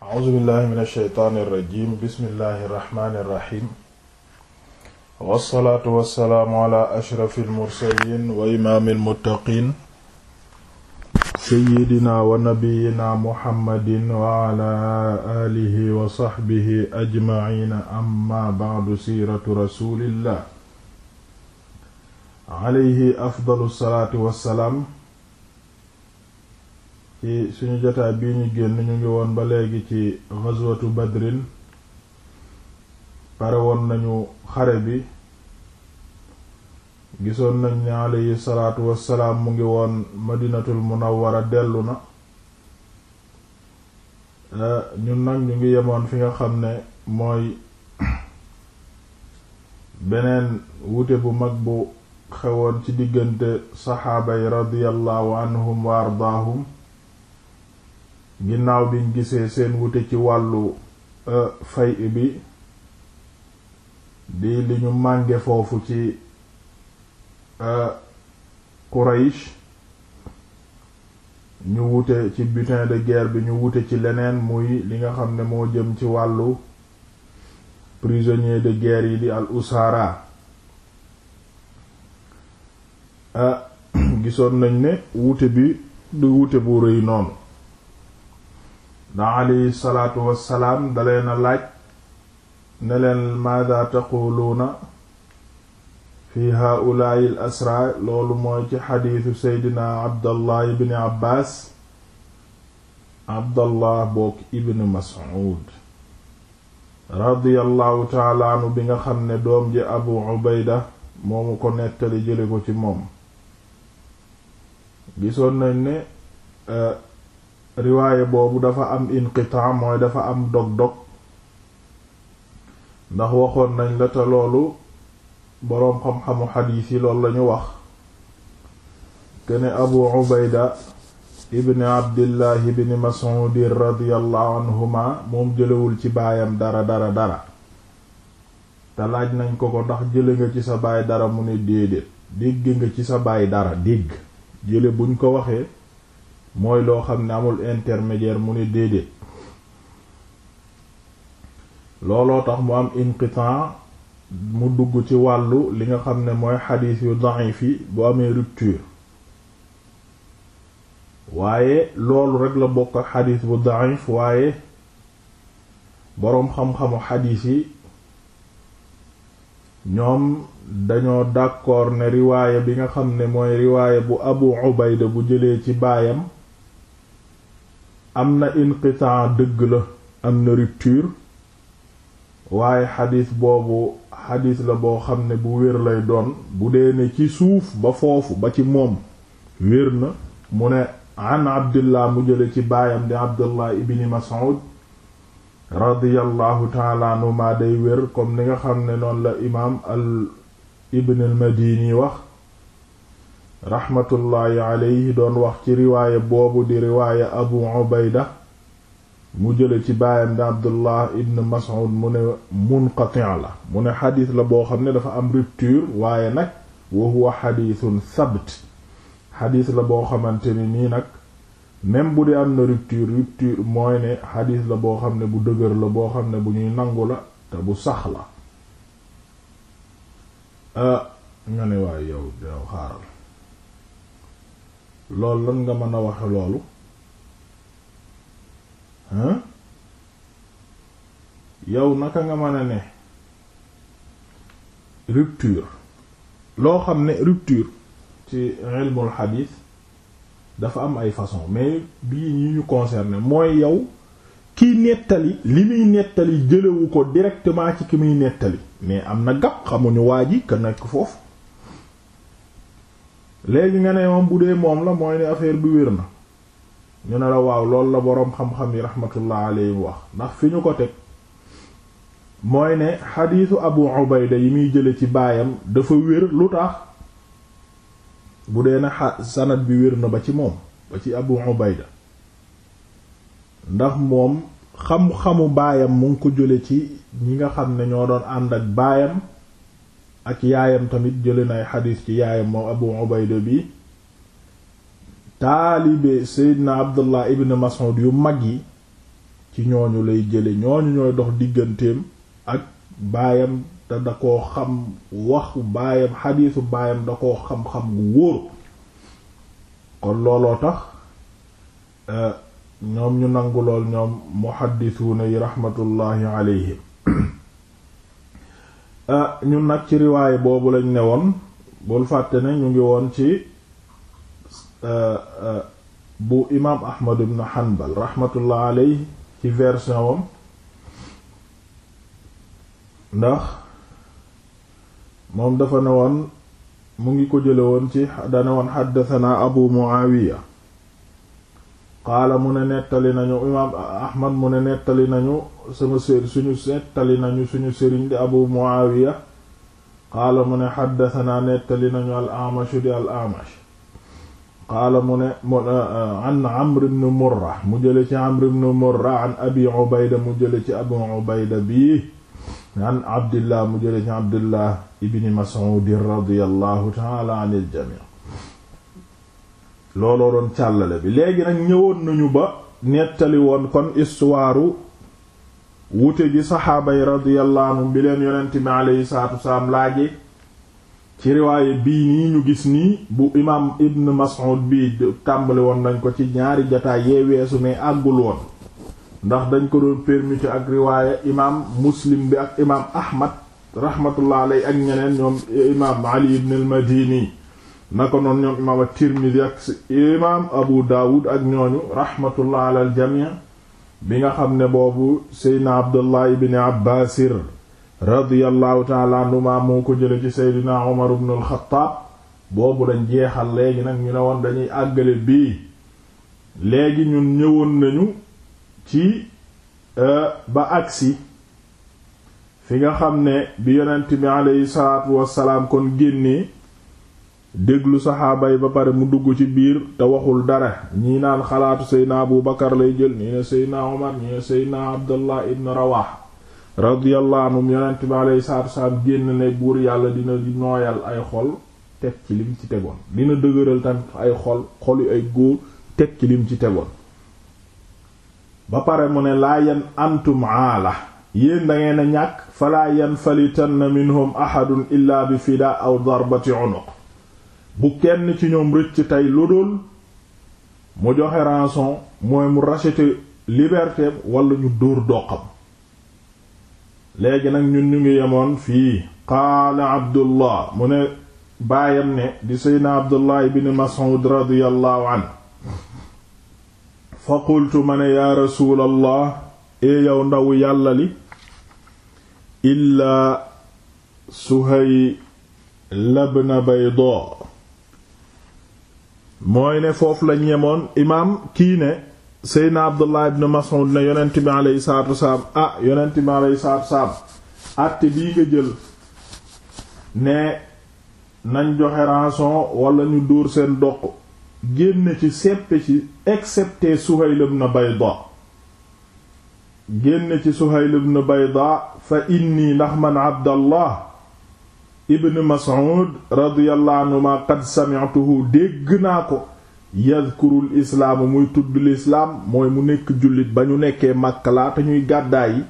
a'uuzu billahi min alsheytaani irrajim bismillahi irrahmani irrahim wassalaatu wassalaamu ala ashrafi almursaliin wa imaami almuttaqiin seyidina wa nabiyina muhammadin wa ala aalihi wa saxbihi ajmaciina amma bacdu siiratu rasulillah alayhi afdalu salaatu wassalaam ci suñu jotaay bii ñu génn ñu ngi woon ba léegi ci ghazwatu badrin pare woon nañu xare bi gisoon nañ ne aleyhi salaatu wassalaam mu ngi woon madinatul munawwara dellu na ñu nag ñu ngi yemoon fi nga xam ne mooy beneen wute bu mag bu xewoon ci diggante saxaaba yi radiyallahu anhum wa ardaahum ginnaaw biñ gisee seen wute ci wàllu euh, fay bi di li ñu mànge foofu ci euh, Quraysh ñu wute ci butin de guerre bi ñu wute ci leneen muy li nga xam ne moo jëm ci wàllu prisonnier de guerre yi di al usara euh, gisoon nañ ne wute bi du wute bu rëy noonu ndax alayhi salaatu wassalaam daleena laaj ne leen maada taquluuna fi haulaai l loolu mooy ci xadiisu seydina abdallah ibni abbas abdallah bokk ibn mas'ud radiyallahu taala bi nga xam ne doom ji abu ubayda moomu ko nettali jële ko ci moom gisoon nañ ne eh, riwaaye boobu dafa am inqitaa mooy dafa am dog-dog ndax waxoon nañ la te loolu boroom xam-xamu xadiis yi loolu lañu wax kene abu ubayda ibni abdillahi ibni mas'udir radiyallahu anhuma moom jëlewul ci baayam dara dara dara te laaj nañ ko ko ndax jële nga ci sa baay dara mu ne déedéet dégg nga ci sa baay dara dégg jële buñ ko waxee mooy loo xam ne amul intermédiaire mu ne déedéet looloo tax mu am inqitan mu dugg ci wàllu li nga xam ne mooy xadiis yu da'if yi bu amee rupture waaye loolu rek la bokk ak xadiis bu da'if waaye boroom xam-xamu xadiis yi ñoom dañoo d'accord ne riwaaya bi nga xam ne mooy riwaaya bu Abu Ubayda bu jëlee ci baayam am na inqitaa dëgg la am na rupture waaye xadis boobu xadis la boo xam ne bu wér lay doon bu dee ne ci suuf ba foofu ba ci moom wér na mu ne an abdillah mu jële ci baayam di abdullah ibni mas'ud radiyallahu taala anhu maa day wér comme ni nga xam ne noonu la imaam al ibn madini wax raxmatullaahi aleyhi doon wax ci riwaaye boobu di riwaaya abu ubayda mu jële ci baayam di abdullah ibn mas'ud mu ne munqati la mu ne xadis la boo xam ne dafa am rupture waaye nag wa huwa xadisun sabt xadis la boo xamante ni nii nag même bu dee am na rupture rupture mooy ne xadis la boo xam ne bu dëgër la boo xam ne bu ñuy nangu la te bu sax la ah, nga ne waaye yow dew xaaral loolu lan nga mën a wax loolu hein yow naka nga mën a ne rupture loo xam ne rupture ci ilmul xadiis dafa am ay façon mais bii ñi ñu concerné mooy yow kiy nettali li muy nettali jëlewu ko directement ci ki muy nettali mais am na gàpp xamuñu waa ji ka nekk foofu léegi nga ne moom bu dee moom la mooy ne affaire bi wér na ñu ne la waaw loolu la boroom xam-xam yi rahmatullah alayhi wax ndax fi ñu ko teg mooy ne xadiisu abu ubayda yi muy jële ci baayam dafa wér lu tax bu dee ne sanad bi wér na ba ci moom ba ci abu ubayda ndax moom xam-xamu baayam mu ngi ko jële ci ñi nga xam ne ñoo doon ànd ak baayam ak yaayam tamit jële nay xadiis ci yaayam abu ubayda bi taalibe seydina abdullah ibn mas'ud yu mag yi ci ñooñu lay jële ñooñu ñooy dox digganteem ak baayam te da koo xam waxu baayam xadiisu baayam da xam-xam gu wóor kon looloo tax eh, ñoom ñu nangu lool ñoom muhaddisuuna yi raxmatullaahi alayhim ah ñun nag ci riwaay boobu lañ ne woon bool fàtte ne ñu ngi woon ci ah, ah, bu imaam Ahmad ibn Hanbal rahmatullah alayhi ci version wam ndax moom dafa ne woon mu ngi ko jële woon ci dane woon xaddathana Abu Muawiya qaala mu ne nettali nañu imaam ahmad mu ne nettali nañu sama sër suñu nettali nañu suñu sëriñ di abu muawiya qaala mu ne xaddatanaa nettali nañu al amashu di al amash qaala mu ne uh, uh, an amr ibn murra mu jële ci amr ibn murra an abi ubayda mu jële ci abu ubayda bii an abdillah mu jële ci abdillah ibni mas'ud radiyallahu ta'ala anil jami' looloo doon càllale bi léegi nag ñëwoon nañu ba nettali woon kon istuwaaru wute ji saxaaba yi radiyallahu anhum bi leen yonent bi aleyhi salaatu wasalaam laaje ci riwaaye bii nii ñu gis nii bu imaam ibn Mas'ud bii tàmbali woon nañ ko ci ñaari jataay yee weesu mais àggul woon ndax dañ ko doon permettre ak riwaaye imaam Muslim bi ak imaam Ahmad rahmatullah aley ak ñeneen ñoom imaam Ali ibn al-Madini naka noonu ñoom imaam at Abu Dawud ak ñooñu rahmatullah ala al bi nga xam ne boobu Seydina Abdullah ibn Abbas radiyallahu ta'ala anhuma moo ko jële ci Seydina Umar ibn al boobu lañ jeexal léegi nag ñu ne woon dañuy àggale bii léegi ñun ñëwoon nañu ci euh, ba agsi fi nga xam ne bi yonent bi aleyhi salaatu wassalaam kon génnee déglu saxaaba yi ba pare mu dugg ci biir te waxul dara ñii naan xalaatu seydna abu bakar lay jël ñii ne seydna omar ñii ne seydna abdallah ibn rawah radiyallahu anhum yonent génn ne buur yàlla dina nooyal ay xol teg ci lim ci tegoon dina dëgëral tam ay xol xolu ay góor teg ci lim ci tegoon ba pare mu ne laa yan antum aala yéen dangeen a ñàkk falaa yanfalitanna minhum ahadun illa bi fida aw darbati unuq bu kenn ci ñoom rëcc tey lodool mu joxe rançon mooy mu racheter liberté walla ñu duur doqam léegi nag ñun ñu ngi yemoon fii qaala abdullah mu ne baayam ne di seydna abdullah ibn mas'ud radiyallahu anhu fa qultu ma ne yaa rasuulallah ee yow ndawu yàlla li illaa suhayl ibn bayda mooy ne foofu lañ yemoon imaam kii ne seydna abdullah ibn mas'ud ne yonent bi aleyhi salatu wasalaam ah yonent bi aleyhi salatu wasalaam àtte lii nga jël ne nañ joxe rançon wala ñu dóor seen doq génn ci seppe ci excepté Suhayl ibn Bayda génn ci Suhayl ibn Bayda fa inni ndax man abdallah ibn mas'ud radiyallahu anhuma qad sami'tuhu dégg naa ko yadhkurul islaamu muy tudd lislaam mooy mu nekk jullit ba ñu nekkee Makka laata ñuy gàddaay yi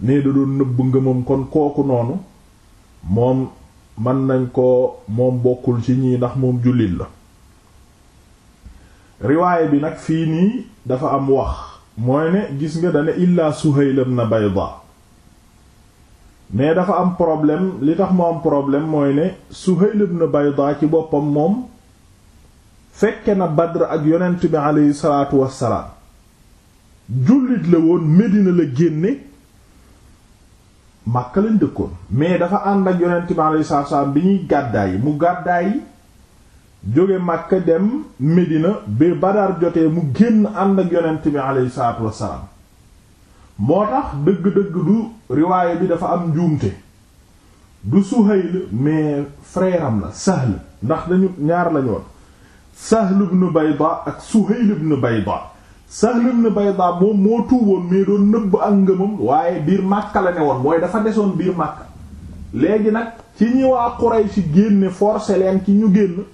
ne da doon nëbb kon kooku noonu moom mën nañ ko moom bokkul ci ñii ndax moom jullit la riwaayé bi nag fii nii dafa am wax mooy ne gis nga dane illaa Suhayl na Bayda mais dafa am problème li tax mu am problème mooy ne Suhayl ibn Bayda ci boppam moom fekke na Badr ak yonent bi aleyhi salaatu wassalaam jullit la woon Medina la génne Makka lañ dëkkoon mais dafa ànd ak yonent bi aleyhi bi ñuy gàddaay mu gàddaay jóge Makka dem Medina ba Badar jotee mu génn ànd ak yonent bi aleyhi salaatu wassalaam moo tax dëgg-dëgg du riwaaya bi dafa am njuumte du Suhayl mais frère am la Sahl ndax dañu ñaar lañu woon Sahl ibn Bayda ak Suhayl ibn Bayda Sahl ibn Bayda moom moo tuuboon mais doon nëbb ak ngëmam waaye biir Makka la ne woon mooy dafa desoon biir Makka léegi nag ci ñi waa Quraysh génne forcé leen ci ñu génn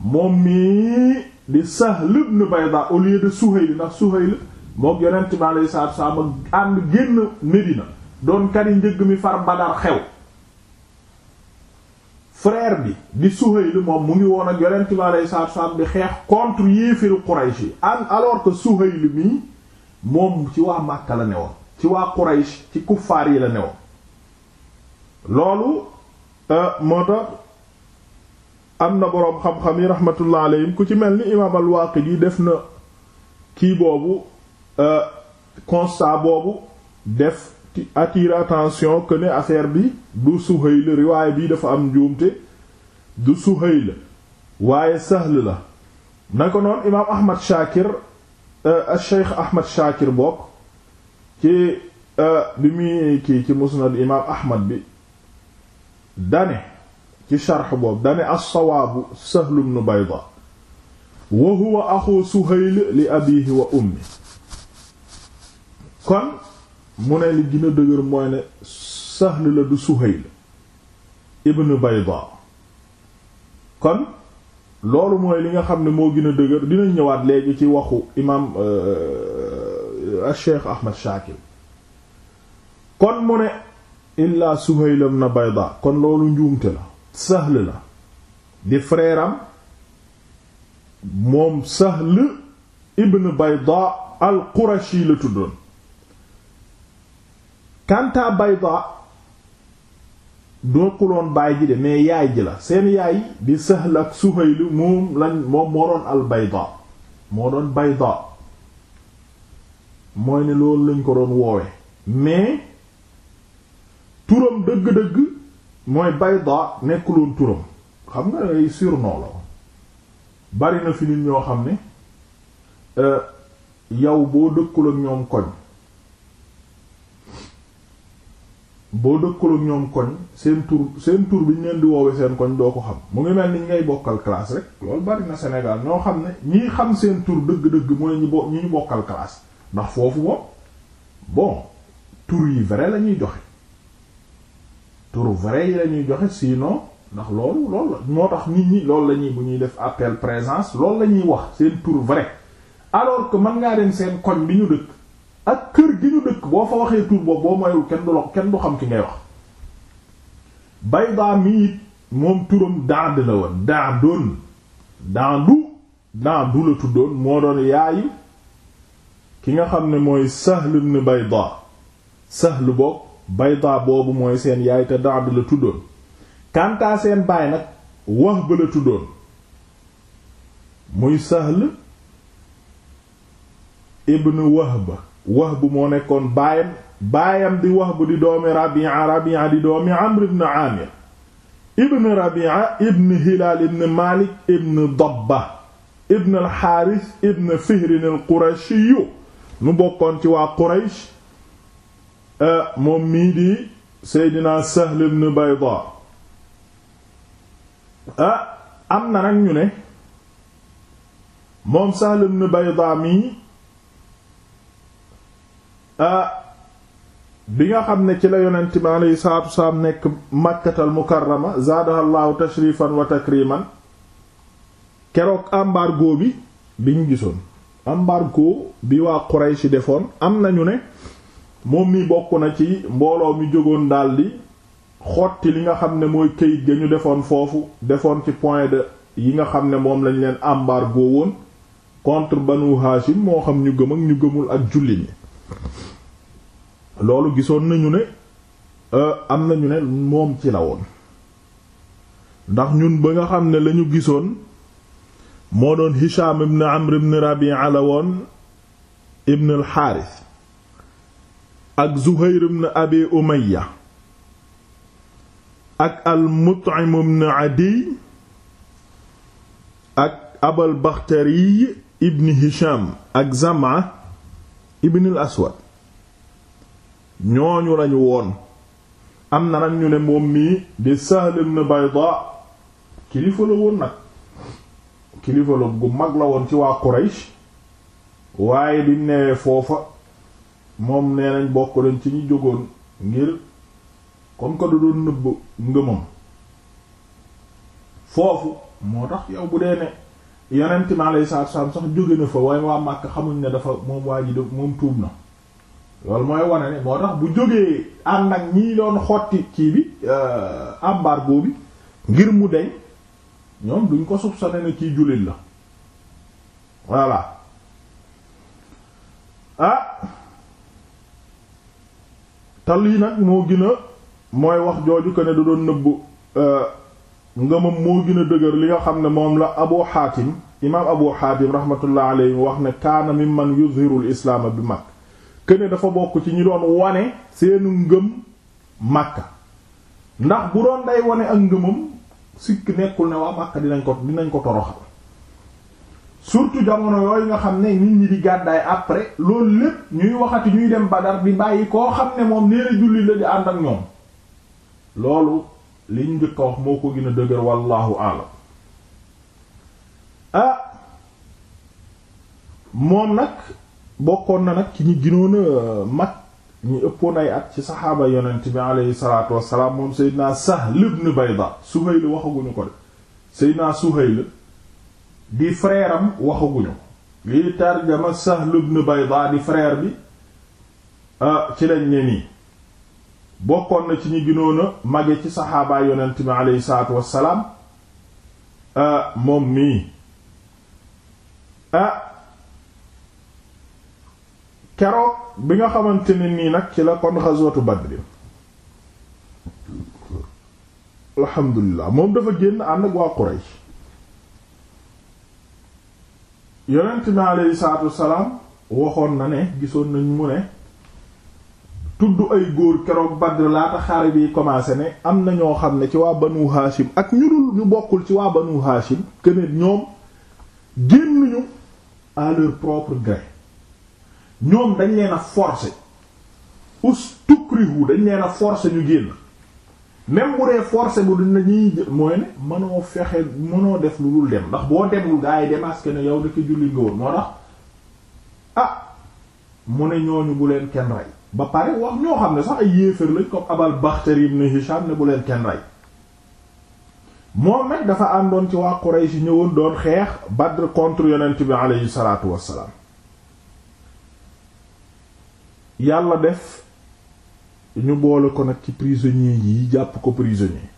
moom mii di Sahl ibn Bayda au lieu de Suhayl ndax Suhayl mook yonent bi alayhi salaatu salaam ak ànd génn Medina doon kari njëgg mi far Badar xew frère bi di Suhayl moom mu ngi woon ak yonent bi alayhi salaatu salaam bi xeex contre yéefiru Quraysh yi an alors que Suhayl mi moom ci waa Makka la ne ci waa Quraysh ci kuffaar yi la ne loolu euh, moo tax am na boroom xam-xam yi rahmatullah alayhim ku ci mel ni imaam al-Waaqidi def na kii boobu Euh, constat boobu def attire attention que ne affaire bi du Suhayl riwaay bii dafa am njuumte du Suhayl waaye Sahl la na ko noonu imaam Ahmad Shakir euh, Cheikh Ahmad Shakir bokk ci euh, bi muy kii ci musnad imaam Ahmad bi dane ci sharx boobu dane as-sawaabu Sahl ibn Bayda wa huwa axu Suhayl li abiihi wa ummi kon mu ne li gën dëgër mooy ne Sahl la du Suhayl ibn Bayda kon loolu mooy li nga xam ne moo gën a dëgër dinañ ñëwaat léegi ci waxu imaam euh, Cheikh Ahmad Shakir kon mu ne illaa Suhayl ibn Bayda kon loolu njuumte la Sahl la di frère moom Sahl ibn Bayda al-Qurashi la tuddoon kanta bayda doo xuloon baay ji de mais yaay ji la seen yaay bi Sahl ak Suhayl moom lañ moom moo doon al bayda moo doon bayda mooy ne loolu lañ ko doon woowe mais turam dëgg-dëgg mooy nekku nekkuloon turam xam nga ay surnom la bari na fi nit ñoo xam ne euh, yow boo dëkkul ak ñoom koñ boo dëkkaloo ñoom koñ seen tour seen tour bi ñu leen di woowe seen koñ doo ko xam mu ngi mel ni ngay bokkal classe rek loolu bari na Sénégal ñoo xam ne ñiy xam seen tour dëgg-dëgg mooy ñi bo ñi ñu bokkal classe ndax foofu moom tour yi vrai la ñuy joxe tour vrai yi la ñuy joxe sinon ndax loolu loolu moo tax nit ñi loolu lañuy bu ñuy def appel présence loolu la ñuy wax seen tour vrai alors que mën ngaa dem seen koñ bi ñu dëkk ak kër gi ñu dëkk boo fa waxee tur boobu boo mayul kenn du la kenn du xam ki ngay wax bayda mi it moom turam dand la woon dandoon dandu dandu la tuddoon moo doon yaayi ki nga xam ne mooy Sahl ibn Bayda Sahl boobu Bayda boobu mooy seen yaay te dand la tuddoon kantaa seen baay nag Wahb la tuddoon muy Sahl ibn Wahb Wahb moo nekkoon baayam baayam di Wahb di doomi Rabi'a Rabi'a di doomi Amr ibn Amir ibn Rabi'a ibn Hilaal ibn Maalik ibn Dabba ibn al-Haaris ibn Fihrin al-Qurashiyu mu bokkoon ci waa Quraysh eh, moom mii di Seydina Sahl ibn Bayda eh, am na nag ñu ne moom Sahl ibn Bayda mii Ah, bi nga xam ne ci la yonent bi alayhi salaatu wasalaam nekk makkatal mukarrama zaadaha llaahu tashrifan wa takriman keroog embargo bi bi ñu gisoon embargo bi waa Quraysh defoon am nañu ne moom mi bokk na ci mbooloo mi jógoon daldi xotti li nga xam ne mooy këyit ga ñu defoon foofu defoon ci point de yi nga xam ne moom lañ leen embargo woon contre Banu Hashim moo xam ñu gëm ak ñu gëmul ak julli ñi loolu gisoon nañu ne euh, am nañu ne moom ci la ndax ñun ba nga xam ne lañu gisoon moo doon Hisham ibn Amr ibn Rabi'a la woon ibn al-Harith ak Zuhayr ibn Abi Umayya ak al-Mut'im ibn Adiy ak Abal Bakhtari ibn Hisham ak Zam'a ibnul aswad ñooñu lañu woon am na nag ñu ne moom mii di Sahl ibn Bayda kilifa la woon nag kilifa la gu mag la woon ci waa Quraysh waaye bi newee foofa moom nee nañ bokk ci ñu jógoon ngir comme que du doon nëbb ngëmam foofu moo tax yow bu dee ne yonent mi alayhi salaatu salaam sax jóge na fa waaye waa Màkka xamuñ ne dafa moom waa ji de moom tuub na loolu mooy wane ne moo tax bu jógee ànd ak ñii doon xotti kii bi euh, embargo bi ngir mu deñ ñoom duñ ko soupçonné ne kii jullit la voilà ah tal yi nag moo gën mooy wax jooju ko ne da doon nëbbu euh, ngëmam moo gën a dëgër li nga xam ne moom la abu xaatim imaam abu xaatim rahmatullah alayhi wax ne kaana mimman yuzhirul islaama bi mag këne dafa bokk ci ñi doon wane seenu ngëm màkka ndax bu doon day wane ak ngëmam sikk nekkul ne waa màkka dinañ ko dinañ ko toroxal surtout jamono yooyu nga xam ne nit ñi di gàddaay après loolu lépp ñuy waxati ñuy dem badar bi bàyyi koo xam ne moom nee na la di ànd ñoom loolu li ñu njëkk a wax moo ko gën dëgër wallahu alam ah moom nag bokkoon na nag ci ñi gënoon a mag ñi ëppoon ay at ci saxaaba yonent bi aleyhi salaatu wassalaam moom seydinaa Sahl ibn Bayda Suhayl waxaguñu ko de seydinaa Suhayl di frère am waxaguñu lii tarjama Sahl ibn Bayda di frère bi ah ci lañ ne bokkoon na ci ñi gënoon mag mage ci saxaabaa yonent bi aleyhi salaatu wassalaam moom mii ah bi nga xamante ni nii nag ci la kon ghazwatu Badr alhamdulilah moom dafa génn ànd ak waa Quraysh yonent bi aleyhi salaatu wassalaam waxoon na ne gisoon nañ mu ne tudd ay góor keroog Badr laata xare bi commencé ne am na ñoo xam ne ci waa Banu Hashim ak ñu dul ñu bokkul ci waa Banu Hashim que ne ñoom génnuñu à leur propre gré ñoom dañ leen a forcer ustukrihu dañ leen a forcer ñu génn même bu dee forcer bu dina ñuy mooy ne mënoo fexe mënoo def lu dul dem ndax boo demul gaa yi demaske ne yow dëkk julli nga woon moo tax ah mu ne ñooñu bu leen kenn rey ba pare wax ñoo xam ne sax ay yéefar lañ comme abal baxtari ibn hisham ne bu leen kenn rey moo nag dafa àndoon ci waa Quraysh ñëwoon doon xeex Badr contre yonent bi aleyhi salaatu wassalaam yàlla def ñu boole ko nag ci prisonnier yi jàpp ko prisonnier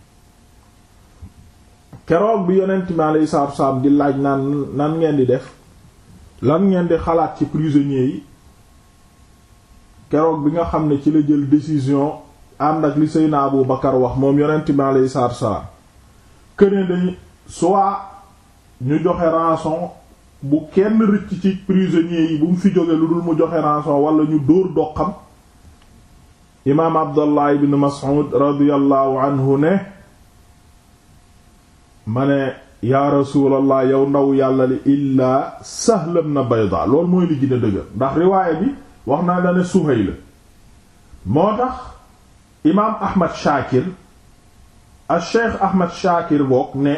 keroog bi yonent bi aleyhi salaatu di laaj naan nan ngeen di def lan ngeen di xalaat ci prisonnier yi keroog bi nga xam ne ci la jël décision ànd ak li Seydina Abu Bakar wax moom yonent bi aleyhi salaatu salaam këne dañu soit ñu joxe rançon bu kenn rëcc ci prisonniers yi bu mu fi jóge lu dul mu joxe rançon wala ñu dóor doqam imaam Abdallah ibn Mas'ud radiyallahu anhu ne ma ne yaa rasulallah yow ndaw yàlla li illaa Sahl ibn Bayda loolu mooy li gën dëgër ndax riwaaya bi wax naa la ne Suhayl moo tax imaam Ahmad Shakir al Cheikh Ahmad Shakir boog ne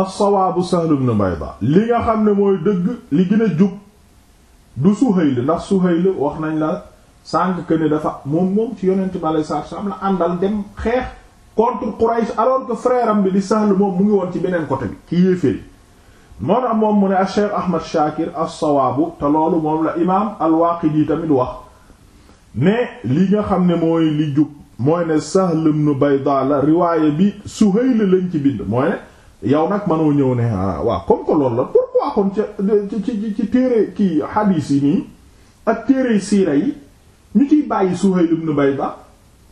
as-sawaabu Sahl ibn ba li nga xam ne mooy dëgg li gën a jub du Suhayl ndax Suhayl wax nañ la sànq que dafa moom moom ci yonent bi alayhi salaatu salaam na àndal dem xeex contre Quraysh alors que frère am bi di Sahl moom mu ngi woon ci beneen côté bi ci yéeféer moo tax moom mu ne a Cheikh Ahmad Shakir as-sawaabu te loolu moom la imaam al yi tamit wax ne li nga xam ne mooy li jub mooy ne Sahl ibn Bayda la riwaaye bi Suhayl lañ ci bind mooy ne yow nag mënoo ñëw ne ah waaw comme que loolu la pourquoi kon ci ci téere kii xadiis yi nii ak téere siira yi ñu ciy bàyyi Suhayl ibn Bayda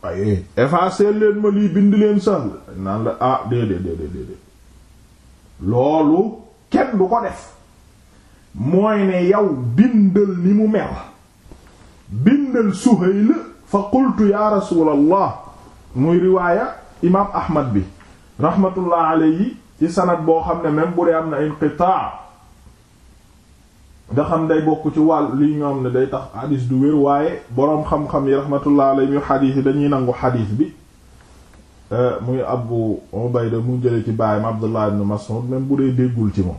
waaye leen ma lii bind leen Sahl naan la ah déedéet déedéet déedéet loolu. kenn bu ko def mooy ne yow bindal ni mu mel bindal Suhayl fa qultu ya rasulallah muy riwaaya imaam Ahmad bi rahmatullah yi ci sanad boo xam ne même bu dee am na inqitaa nga xam day bokk ci wàll li ñoom ne day tax hadis du wér waaye boroom xam-xam yi rahmatullah alayhi yu hadis yi dañuy nangu hadis bi Euh, muy Abu Ubayda mu jële ci baayam Abdullah ibn Mas'ud même bu dee déggul ci moom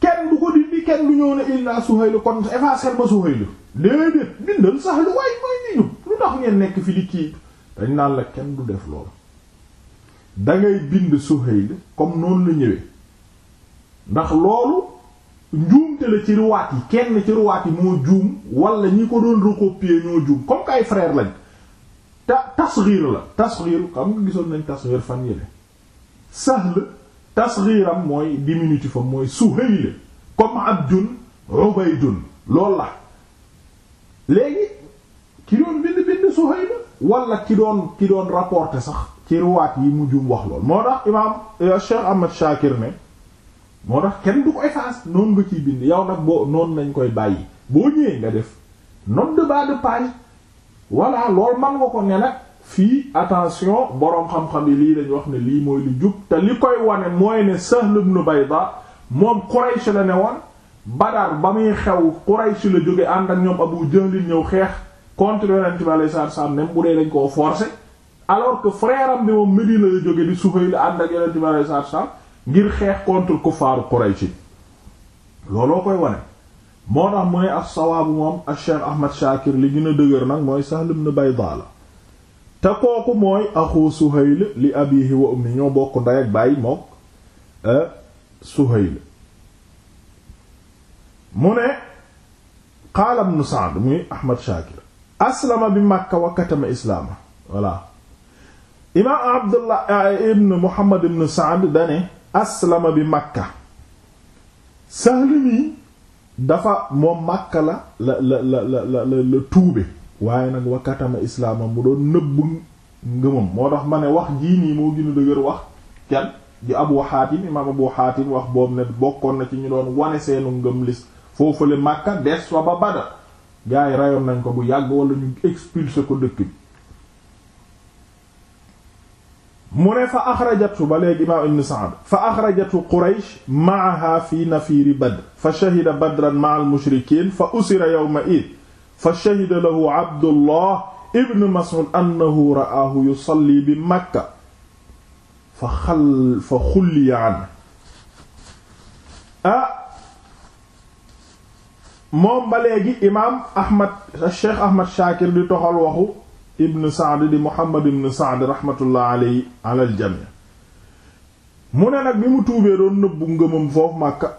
kenn du ko dindi kenn du ñëw ne illaa Suhayl kon effacer ma Suhayl déedéet bindal sax lu waay mooy ni ñu lu tax ngeen nekk fi di kii dañ naan la kenn du def loolu dangay bind Suhayl comme noonu la ñëwee ndax loolu njuumte la ci ruwaat yi kenn ci ruwaat yi moo juum wala ñi ko doon recopier ñoo juum comme kay frère lañ ta tasxiir la tasxiir xam nga gisoon nañ tasxiir fan yële Sahl tasxiiram mooy diminutif am mooy Suhayl comme abdun ubaydun loolu la léegi ki doon bind bind Suhayl wala ki doon ki doon rapporter sax ci ruwaat yi mujjum wax lool moo tax imaam euh, Cheikh Ahmad Shakir ne moo tax kenn du ko efface noonu nga ciy bind yow nag boo noonu nañ koy bàyyi boo ñëwee nga def note de bas voilà loolu man nga ko ne nag fii attention boroom xam-xam yi lii lañ wax ne lii mooy lu jub te li koy wane mooy ne Sahl ibn Bayda moom Quraysh la ne woon Badar ba muy xew Quraysh la jóge ànd ak ñoom Abu Jahl ñëw xeex contre Yonent bi alayhi salaatu salaam même bu dee dañ koo forcé alors que frère am bi moom Medina la jóge di Sufayl la ànd ak Yonent bi alayhi salaatu ngir xeex contre kuffaaru Quraysh looloo koy wane moo tax mu ne ak sawaabu moom ak Cheikh Ahmad Shakir li gën dëgër nag mooy Sahl ibn Bayda te kooku mooy axu Suhayl li abiihi wa ummi ñoo bokk ndey ak baay mook e, Suhayl mu ne qaala ibn Sa'd muy Ahmad Shakir aslama bi Makka wa katama islaama voilà imaam Abdullah ibn Muhammad ibn Sa'd dane aslama bi Makka Sahl mi dafa moom Makka la la la la la la tuube waaye nag wakkatama islaamam mu doon nëbb ngëmam moo tax ma ne wax jii nii moo gën a dëgër wax kenn di Abu Hatim imaam Abu Hatim wax boobu ne bokkoon na ci ñu doon wane seenu ngëm foofu foofule Makka des wa ba Badar gars yi rayoon nañ ko bu yàgg wala ñu expulsé ko dëkk bi mu ne fa axrajatu ba léegi imaam ibn Sa'd fa axrajatu Quraysh ma'aha fi nafiiri Badr fa shahida Badran ma'al mushrikiin fa usira yawma'idh fa shahida lahu Abdullah ibn Mas'ud annahu ra'aahu yusalli bi Makka fa xal fa xulliya anhu ah moom ba léegi imaam Ahmad Cheikh Ahmad Shaakir di toxal waxu ibn Saad di Muhammad mu ne nag bi mu tuubee doon nëbbu ngëmam foofu Makka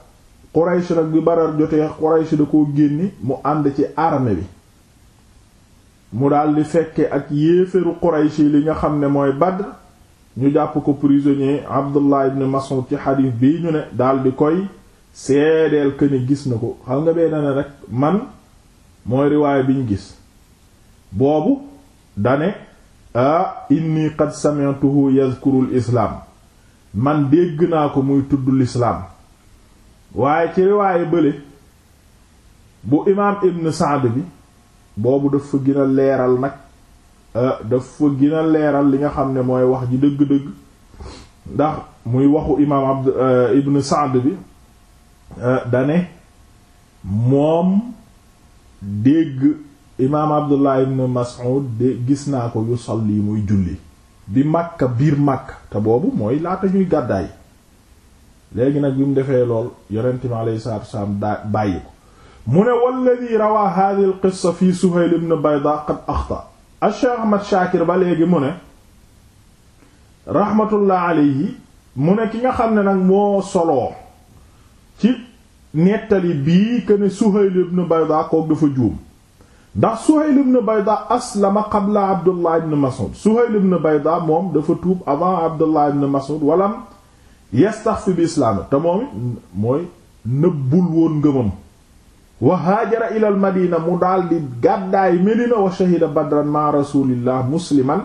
Quraysh nag bi Badar jotee Quraysh da koo génni mu ànd ci armée bi mu daldi fekke ak yéeféru Quraysh li nga xam ne mooy Badr ñu jàpp ko prisonnier Abdullah ibn Mas'ud ci xadiis bi ñu ne daldi koy seedeel këni gis na ko xam nga bee na ne man mooy riwaaya bi ñu gis boobu dane ah inni qad sami'tuhu islaam man dégg naa ko muy tudd lislaam waaye ci riwaaye bële bu imaam ibn Sa'd bi boobu dafa gën a leeral nag dafa gën leeral li nga xam ne mooy wax ji dëgg-dëgg ndax muy waxu imaam abd eh, ibn bi eh, dane moom dégg imaam abdullah ibn mas'ud de gis naa ko yu salli muy julli bi màkka biir màkk te boobu mooy laata ñuy gàddaay léegi nag bi mu defee lool yonent mi alayhi salaatu wasalaam daa bàyyi ko mu ne walladi rawaa hadhihi al fi suhayl ibn bayda qad axta acheikh ahmad shaakir ba léegi mu ne rahmatullah alayhi mu ne ki nga xam ne nag moo soloo ci nettali bii que ne suhayl ibn bayda kook dafa juum ndax Suhayl ibn Bayda aslama qabla Abdullah ibn Mas'ud Suhayl moom dafa tuub avant Abdullah ibn Mas'ud walam yastaxfi bi islaami te moom it mooy nëbbul woon ngëmam wa haajara ila al madina mu daal di gàddaay Medina wa shahida badran ma musliman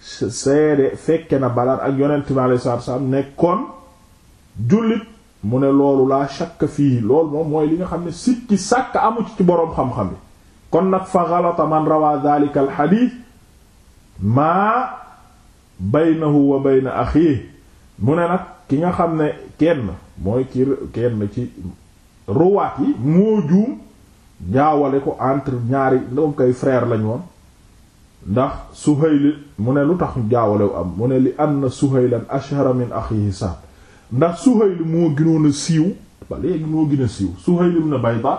seede fekke na Badar ak yonent bi alayhi salaatu wasalaam nekkoon jullit mu ne loolu laa shakk fii loolu moom mooy li nga xam ne sikki sàkk amu ci boroom xam-xam yi kon nag fa xalata man rawaa dhalika al xadiis maa baynahu wa bayna axiih mu ne nag ki nga xam ne kenn mooy ki kenn ci ruwaat yi moo juum jaawale ko entre ñaari doom koy frère lañ woon ndax Suhayl mu ne lu tax jaawalewu am mu ne li anna Suhaylan ashhara min axiihi Sa'd ndax Suhayl moo gënoon a siiw ba léegi moo gën a siiw Suhayl ibn Bayda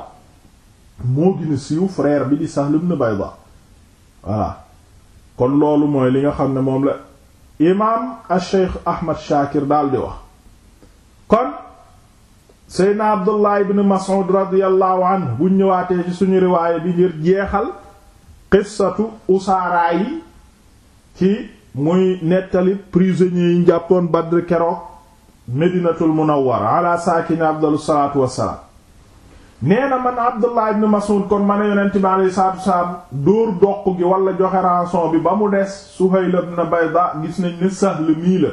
moo gën a siiw frère bi di Sahl ibn Bayda voilà kon loolu mooy li nga xam ne moom la imaam ash-Shaykh Ahmad Shaakir daal di wax kon seydna Abdullah ibn Mas'ud radiyallahu anhu bu ñëwaatee ci suñu riwaaya bi ngir jeexal qissatu usaaraa yi ci muy nettali prisonniers yi njàppoon Badr keroog Medinatul Munawwara ala saakini afdalu salaatu wassalaam nee na man Abdullah ibn Mas'ud kon ma ne doq gi wala joxe bi ba mu des Suhayl ibn Bayda gis nañ ne Sahl mii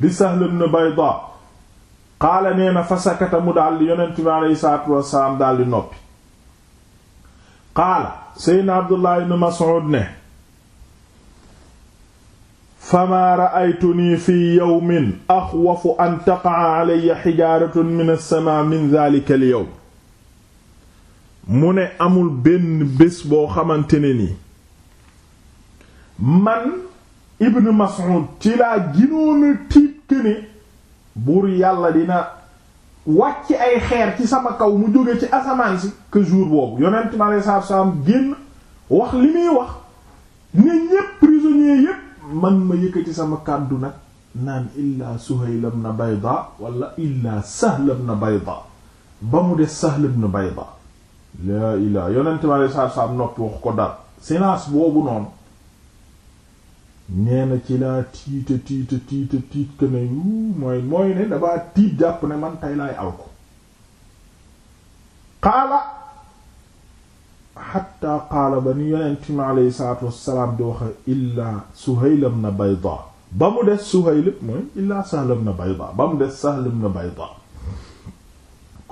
di Sahl ibn Bayda qaala nee na fa sakata mu daldi yonent bi alayhi salaatu wasalaam noppi qaala seydna Abdullah ibn Mas'ud ne famaa ra'aytunii fi yawmin axwafu an taqa'a alayya hijaaratun mina as-samaa'i min dhaalika al mu ne amul benn bés boo xamante ne ni man ibn Mas'ud ci laa ginoona tiit këne buur yàlla dina wàcc ay xeer ci sama kaw mu jóge ci asamaan si que jour boobu yonent mi aleyhi salaatu salaam génn wax li muy wax ne ñépp prisonnier yépp man ma yëkkati sama kàddu nag naan illaa Suhayl ibn Bayda wala illaa Sahl na Bayda ba mu des Sahl na Bayda laa ilaa yonente ma lay saab-saab noppi wax ko dara silence boobu noonu nee na ci laa tiita tiita tiita tiit que ne yu mooy mooy ne damaa tiit jàpp ne man tey laay aw ko qaala xatta qaala ba ni yonente mi aleyhi salatu wassalaam di waxe su Suhayl na Bayda ba mu des Suhayl mooy illaa Sahl ibn Bayda ba mu des Sahl ibn Bayda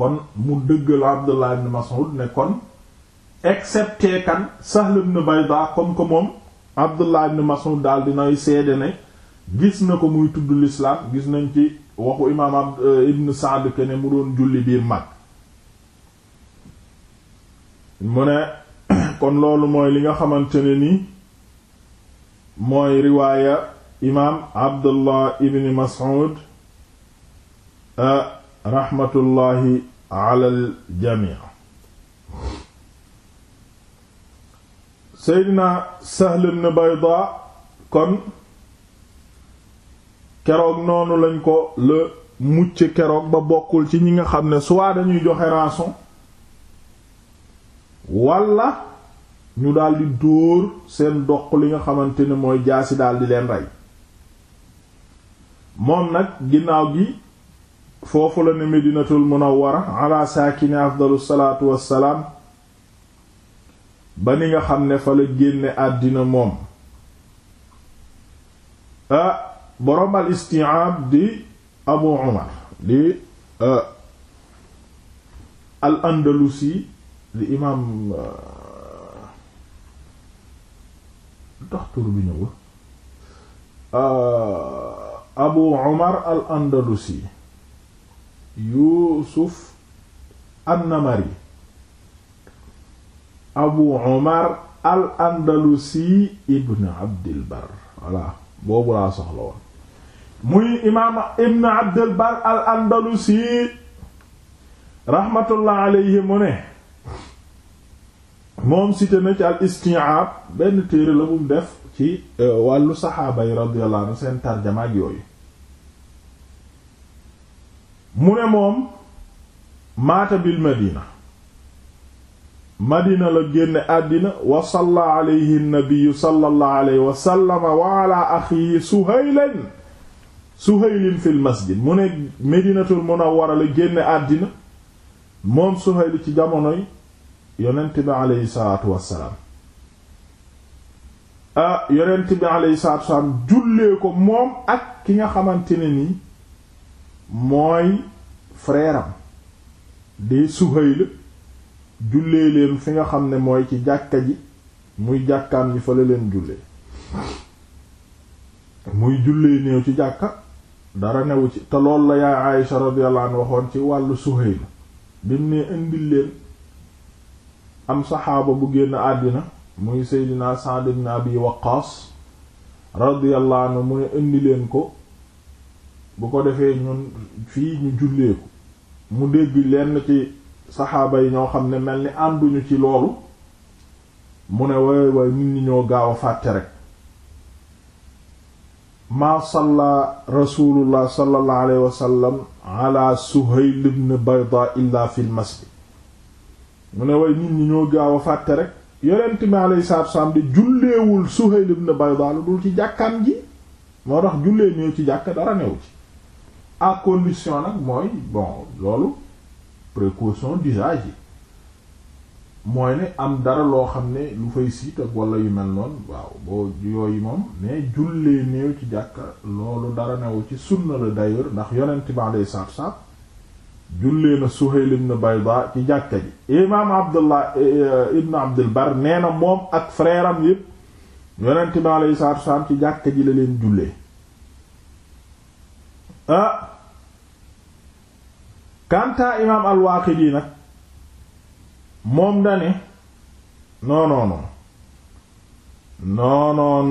kon mu dëggal Abdullah ibn Mas'ud ne kon excepté kan Sahl ibn Bayda comme que moom Abdullah ibn Mas'ud daal dinay seede ne gis na ko muy tudd l'islam gis nañ ci waxu imaam euh, kon loolu li nga xamante ne ni mooy riwaaya Abdullah ibn Mas'ud euh, rahmatullahi alal jamii seydina Sahl ibn Bayda kon keroog noonu lañ ko la mucc keroog ba bokkul ci ñi nga xam ne soit dañuy joxe rançon walla ñu daldi dóor seen doq li nga xamante ni mooy jaasi daldi leen rey moom nag ginnaaw gi foofu la ne medinatul munawwara ala saakini afdalu salaatu wassalaam ba ni nga xam ne fa la génne àddina moom ah boroom al isti'ab di abu umar di al andalusi di imaam dox tur bi ñëwul abu umar al andalusi yuusuf annamari abu omar al andalusi ibn abdil bar boobu laa soxla woon muy imaam ibn abdil al andalusi rahmatullah alayhi mu ne moom cité na ci al isti'ab benn téere la mu def ci euh, wàllu saxaaba yi radiyallahu anhu seen tarjama yooyu mu ne moom maata bil madina madina la génne àddina wa salla alayhi nabiyu sallallahu alayhi wa sallama wa ala axihi fil masjid mu ne medinatul munawwara la génne àddina moom suhayl ci jamonoy yonent bi aleyhi salaatu wassalaam ah jullee ko moom ak ki nga xamante nii mooy frère di Suhayl jullee fi nga xam ne mooy ci jàkka ji muy jàkkaam ji fa la leen jullee muy jullee néew ci jàkka dara newu ci te loolu la yaay Aïsha radiyallahu waxoon ci wàllu Suhayl bim ne indil leen am saxaaba bu génn àddina muy Seydina Sa'd ibn Abi Waqqas radiyallahu mu ne indi ko bu ko defee ñun fii ñu julleeku mu dégg lenn ci saxaaba yi ñoo xam ne mel ni ànduñu ci loolu mu ne waay waay nit ñi ñoo gaaw a fàtte rek maa salla rasulullah sallallahu alayhi wasallam ala suhayl ibn bayda illa fil masjid mu ne waay nit ñi ñoo gaaw a fàtte rek yonent mi alayhi salaatu wasallam di julleewul suhayl ibn bayda lu dul ci jàkkaam ji moo tax jullee néew ci jàkk dara new ci à condition nag mooy bon loolu précaution d'usage yi mooy ne am dara loo xam ne lu fay siit ak wala yu mel noonu waaw boo yooyu moom mais jullee néew ci jàkka loolu dara newu ci sunna la d'ailleurs ndax yonent bi alayhi salaatu salaam jullee na Suhayl ibn Bayda ci jàkka ji imaam Abdullah eh, eh, ibn Abdul nee na moom ak frère am yépp yonent bi alayhi salaatu salaam ci jàkka ji la leen jullee ah, kantaa imaam al-Waaqidi nag moom dane non non non non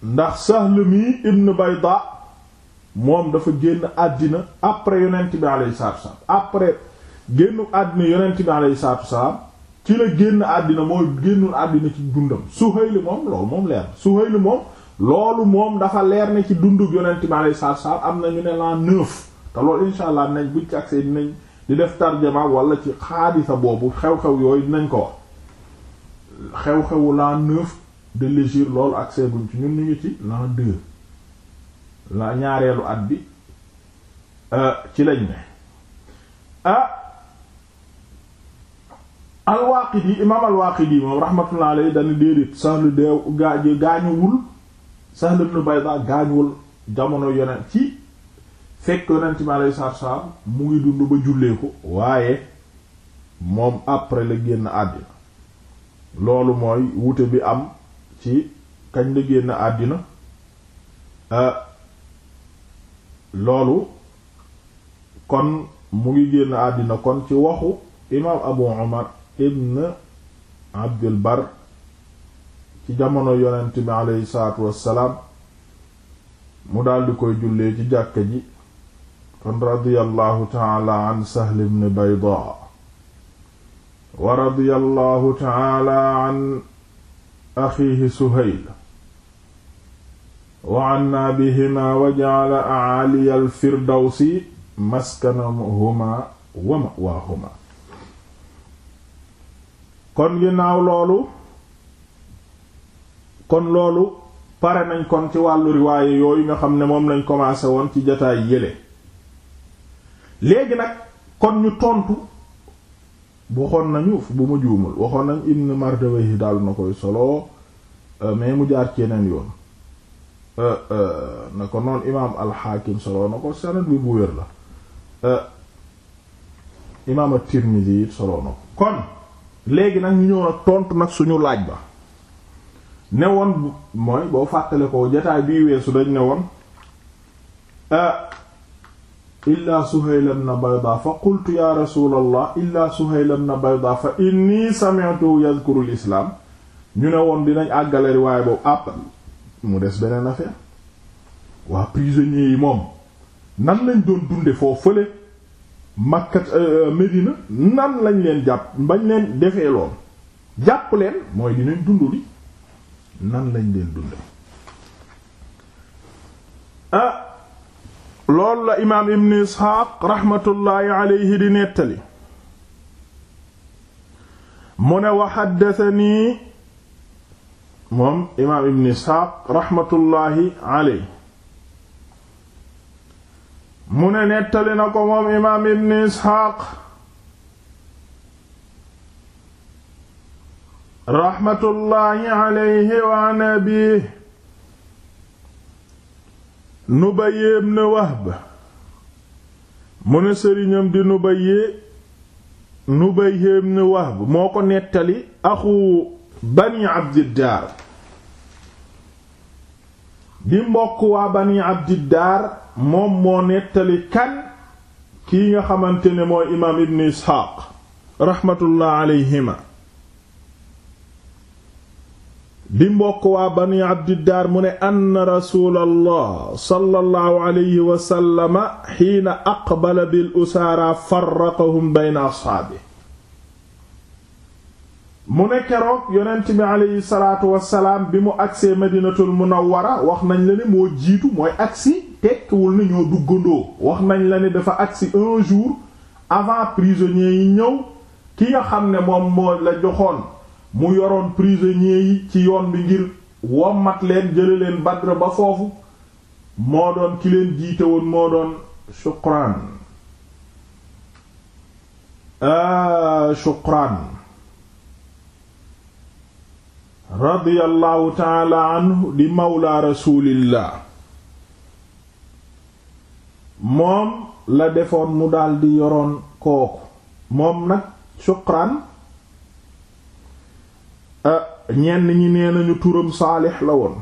ndax Sahl mi ibn Bayda moom dafa génn àddina après yonent bi alayhi salaatu salaam après génnu àddina yonent bi alayhi salaatu salaam ci la génn àddina mooy génnul àddina ci dundam Suhayl moom loolu moom leer Suhayl moom loolu moom ndaxa leer na ci dundu yonent bi alayhi salaatu am na ñu ne l'an neuf te loolu insha allah nañ buñ ci accès dinañ di def tarjama wala ci xaadisa boobu xew-xew yooyu dinañ ko wax xew-xewu l'an neuf de l'hégire loolu accès buñ ci ñun ñu ngi ci l'an deux la ñaareelu at bi euh, ci lañ ne ah al-Waaqidi imaam al-Waaqidi moom rahmatullah alayhi dana déedéet Sahl deew gaa gaañuwul Sahl ibn Bayda gaañuwul jamono yonent ci fekk yonent bi alayhi salaatu salaam mu ngi dund ba jullee ko waaye moom après la génn àddina loolu mooy wute bi am ci kañ la génn àddina euh, loolu kon mu ngi génn àddina kon ci waxu imaam Abu Umar ibn Abdul ci jamono yonent bi alayhi salaatu wassalaam mu daldi koy jullee ci jàkka ji kon radiyallahu taala an Sahl ibn Bayda wa radiyallahu taala an axiihi Suhayl wa anna bihimaa wa ja'ala a'aaliya al-firdawsi maskanahumaa wa ma'waahumaa kon ginnaaw loolu kon loolu pare nañ kon ci wàllu riwaaye yooyu nga xam ne moom lañ commencé woon ci jataay yële léegi nag kon ñu tontu waxoon nañu bu ma juumul waxoon nañ Ibn yi daal na koy solo euh, mais mu jaar ci yeneen yoon euh, euh, na ko noon imaam al-Hakim solo na ko sanad bi bu wér la imaam at yi solo na ko kon léegi nag ñu ñëw nag tontu nag suñu laaj ba ne woon mooy boo fàttale ko jataay bii weesu dañ ne woon illaa Suhayl ibn Bayda fa qultu ya rasulallah illaa Suhayl ibn Bayda fa inni sami'tu yadhkuru al ñu ne woon dinañ àggale riwaay boobu àpp mu des beneen affaire waa prisonniers yi moom nan lañ doon dunde foofu fële Makka euh, Medina nan lañ leen jàpp bañ leen defee lool jàpp leen mooy dinañ dund li nan lañ leen dunde ah! loolu la imaam ibn isxaaq raxmatullaahi di nettali mu ne wa xaddatanii moom imaam ibn isxaaq raxmatullaahi mu ne nettali na ko moom imaam ibn isxaaq raxmatullaahi wa an Nubayy ibn Wahb mu ne sëriñam di Nubayy Nubayy ibn Wahb moo ko nettali axu bani Abdiddaar di mbokk waa bani Abdiddaar moom moo nettali kan kii nga xamante ne mooy imaam ibn Isxaaq raxmatullah alayhima di mbokk waa bani abdidaar mu ne anna rasuulallah sallallahu alayhi wa sallama xiina aqbala bil usaara farraqahum bayna asxaabi mu ne keroog yonent bi alayhi salaatu wasalaam bi mu agsee madinatul munawwara wax nañ la ne moo jiitu mooy agsi tekkiwul ni ñoo duggandoo wax nañ la ne dafa agsi un jour avant prisonniers yi ñëw ki nga xam ne moom moo la joxoon mu yoroon prisonniers yi ci yoon bi ngir wommat leen jële leen Badr ba foofu moo doon ki leen jiite woon moo doon Shukran a ah, Shukran radiyallahu anhu di mawla rasulillah moom la defoon mu daldi yoroon kooku moom nag Shukran ñenn ñi nee nañu turam saalix la woon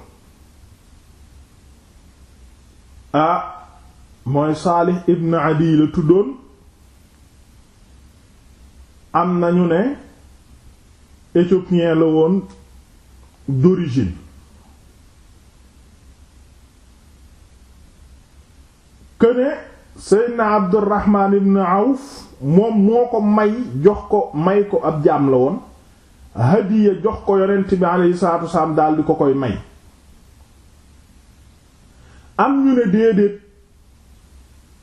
ah mooy saalix ibn adi la tuddoon am nañu ne éthiopien la woon d'origine këne seydna abdurrahman ibn awf moom moo ko may jox ko may ko ab jaam la woon hadiya jox ko yonent bi aleyhi salaatu wasalaam daal di ko koy may am ñu ne déedéet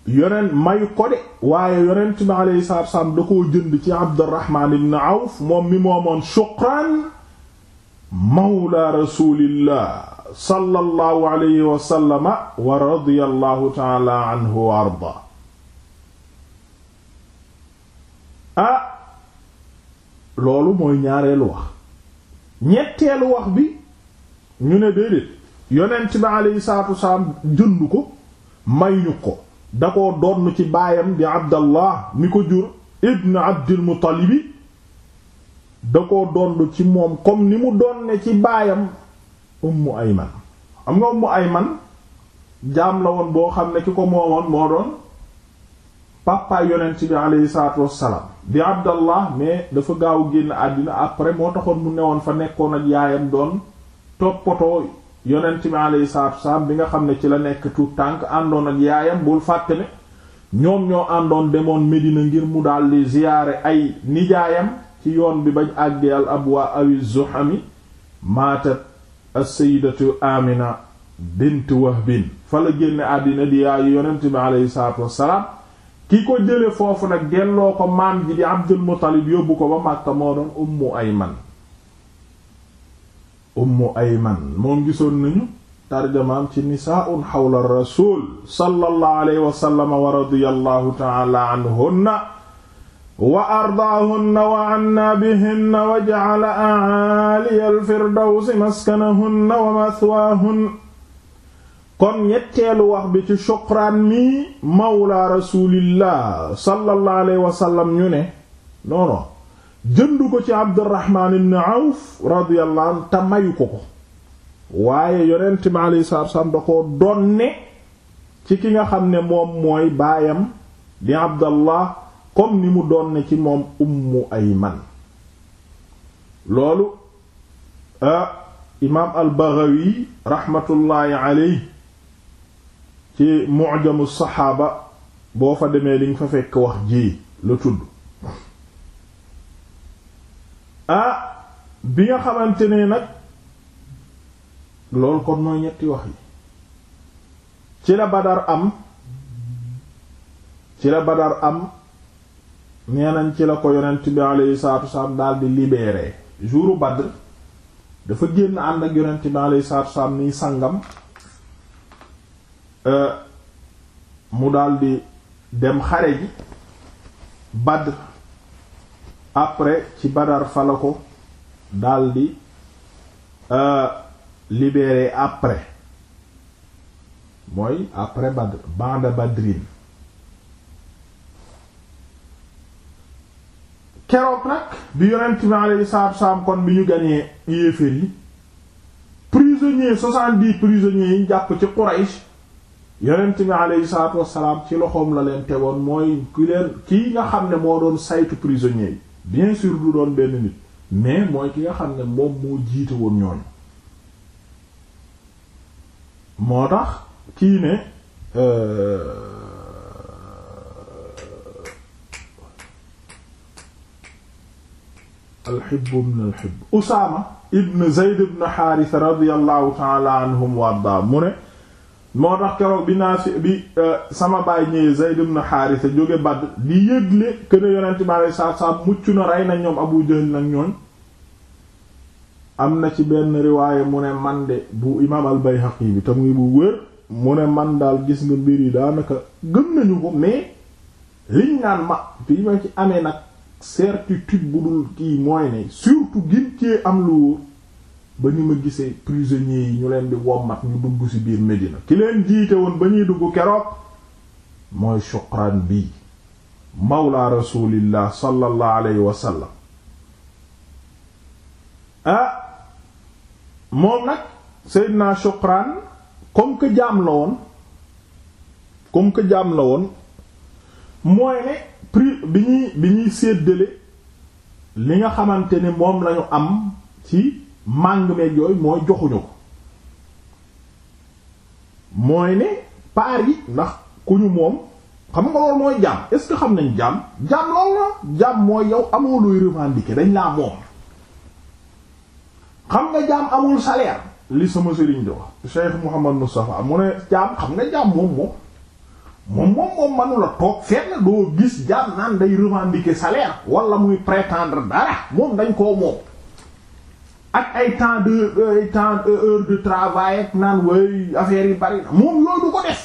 yonent mayu ko de waaye yonent bi salaatu wasalaam da koo jënd ci Abdurrahman ibn Awf moom mi moomoon Shuqraan mawla rasulillah sallallahu alayhi wa sallama wa radiyallahu ta'ala anhu wa arda ah, loolu mooy ñaareelu wax ñetteelu wax bi ñu ne déedéet yonent bi aleyhi salaatu wasalaam junn ko may ñu ko da koo donn ci baayam di abdallah mi ko jur ibn abdil muttalibi da koo donn ci moom comme ni mu donne ci baayam ummu ayman am nga ummu ayman jaam la woon boo xam ne ki ko moomoon moo doon papaay yonent bi aleyhi salaatu wassalaam di abdallah mais dafa gaaw génn àddina après moo taxoon mu newoon fa nekkoon ak yaayam doon toppatoo yonent bi aleyhi salaatu bi nga xam ne ci la nekk tànk àndoon ak yaayam bul fàtte àndoon demoon Medina ngir mu daal di ziyaare ay nijaayam ci yoon bi bañ àggee al abwa awi zuhami maatat amina bint wahbin fa la génn àddina di yaayu yonent bi aleyhi salaatu wassalaam ki ko jële foofu nag delloo ko maam ji di Abdul Muttalib yóbbu ko ba Makka moo doon Ummu Ayman Ummu Ayman moom gisoon nañu tarjamaam ci nisaa'un xawla rasul sallallahu alayhi wa sallam wa radiyallahu ta'ala anhunna wa ardaahunna wa anna bihinna wa ja'ala a'ali al-firdawsi maskanahunna wa mathwaahunna kon ñetteelu wax bi ci Shuqraan mi mawla rasulillah sallallahu alayhi wa ñu ne non non jëndu ko ci Abdurrahman ibn Awf radiyallahu anhu ko ko waaye yonent mi alayhi salaatu salaam da koo donne ci ki nga xam ne moom mooy baayam di Abdallah comme ni mu donne ci moom Ummu Ayman loolu ah, imaam al-Baghawi rahmatullahi alayhi ci mu'jamu saxaaba boo fa demee li nga fa fekk wax ji la tudd ah bi nga xamante ni nag loolu kon mooy ñetti wax yi ci la Badar am ci la Badar am nee ci la ko yonent bi alayhi salaatu wasalaam daal di libéré jouru Badr dafa génn ànd ak yonent bi alayhi salaatu wasalaam niy sàngam Euh, mu daldi dem xare ji Badr après ci Badar fa la ko daldi euh, libéré après mooy après Badr banda Badrin keroog nag bi yonent bi alayhi salaatu salaam kon bi ñu gañee yéeféer yi prisonniers soixante-dix prisonniers yi jàpp ci Quraysh yonent bi aleyhi salaatu ci loxoom la leen tegoon ki nga xam ne moo doon saytu prisonniers bien sûr du doon mais mooy ki nga xam ne moom moo jiite woon ñooñu moo tax kii ne euh, alxibb ibn alxibb usaama ibn zeyd ibn xaaris radiallahu taala anhum wa mu ne moo tax keroog bi naa bi euh, sama baay ñëwee Zayd ibn Haarisa jóge Badr di yëgle kën a yonent bi alei saatu salaam mucc na rey na ñoom Abu Jahl nag ñooñ am na ci benn riwaaye mu ne man de bu imaam al-Bayhaqi bi tam ngi bu wër mu ne man daal gis nga mbir yi daanaka gëm nañu ko mais liñ naan ma fi ma ci amee nag certitude bu dul kii mooy ne surtout gin cee am lu wóor ba ñu ma gisee prisonniers yi ñu leen di wommat ñu dugg ci biir Medina ki leen jiite woon ba ñuy dugg keroog mooy Shukran bi mawla rasulillah sallallahu alayhi wa sallam ah moom nag Seydina Shukran comme que jaam la woon comme que jaam la woon mooy ne prix bi ñuy bi ñuy séddale li nga xamante ne moom lañu am ci màng meeg yooyu mooy joxuñu ko mooy ne paar yi ndax ku ñu moom xam nga loolu mooy jaam est-ce que xam nañ jàmm jaam loolu la jaam yow amoo looy revendiquer dañ moom xam nga jaam amul salaire li sama sëriñ di wax Cheikh Mouhamad Moustapha mu ne xam nga jaam moom moom moom moom moom manula toog fenn doo gis jaam naan day revendiquer salaire wala muy prétendre dara moom dañ koo moom ak ay temps de euh, ay euh, ak naan way affaire yi bari na moom yooyu du ko def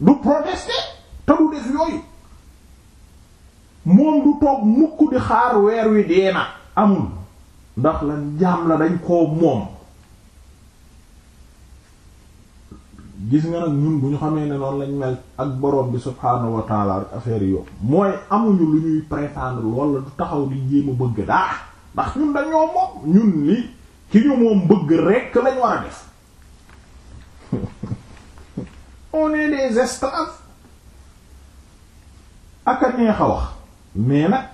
du protester te du def yooyu moom du toog mukk di xaar weer wi dee na amul ndax la jaam la dañ koo moom gis nga nag ñun bu ñu xamee ne noonu lañ mel ak borom bi subhaanahu wa taala ak affaire yi mooy amuñu lu ñuy prétendre lool la du taxaw di jéem a bëgg daa ndax ñun dañoo moom ñun li ki ñu moom bëgg rekk lañ war a def on est des ak a neex a wax mais nag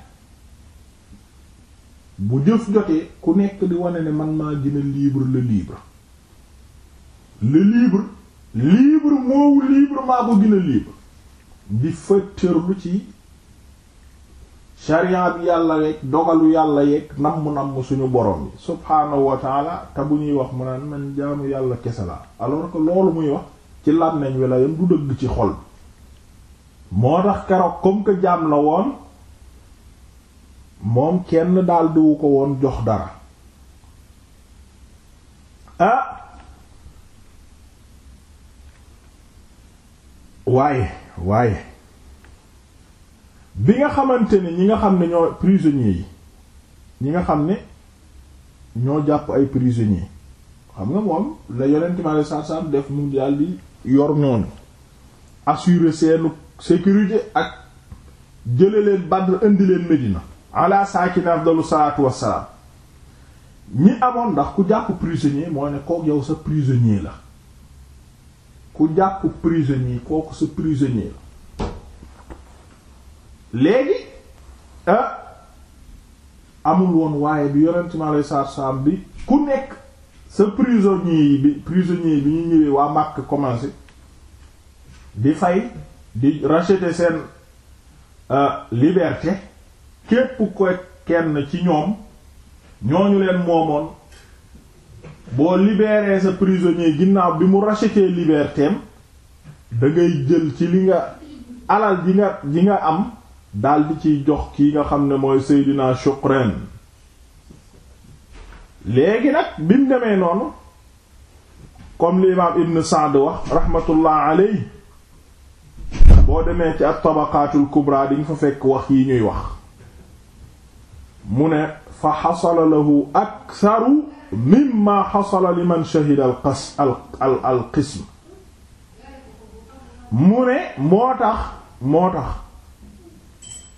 bu jëf jotee ku nekk di wane ne man maa gën libre le libre le libre libre moowu libre maa ko gën a libre di fëtërlu ci sharia bi yàlla yeeg dogalu yàlla yeeg namm namm suñu borom bi subhaanahu wa te bu ñuy wax mu naan man jaamu yàlla kese la alors loolu muy wax ci làmmiñ wi la yam du dëgg ci xol bi moo tax keroog comme que jaam la woon moom kenn daldiwu ko woon jox dara ah! waaye waaye bi nga xamante ne ñi nga xam ne ñoo prisonniers yi ñi nga xam ne ñoo jàpp ay prisonniers xam nga moom la yonent ma le sarsam def mu daal di yor ñooñu assurer seenu sécurité ak jële leen Badr indi leen Medina ala saakine afdalu salaatu wassalaam ñi amoon ndax ku jàpp prisonnier mooy ne kooku yow sa prisonnier la ku jàpp prisonnier kooku sa prisonnier la léegi ah amul woon waaye bi yonent mi alayhi salaatu bi ku nekk sa prisonnier yi bi prisonnier bi ñu ñëwee waa Makka commencé di fay di racheter seen ah, liberté képp ko kenn ci ñoom ñooñu leen moomoon boo libéré sa prisonnier ginnaaw bi mu racheter libertéem da jël ci li nga alal ji nga ji nga am daldi ci jox kii nga xam ne mooy Seydina Shukran léegi nag bi mu demee noonu comme li imaam Ibn Sa'd wax rahmatullah alayhi boo demee ci at-Tabaqaatul Kubra di nga fa fekk wax yi ñuy wax mu ne fa xasala lahu aktharu mimma xasala liman shahida al qas al qism mu ne moo tax moo tax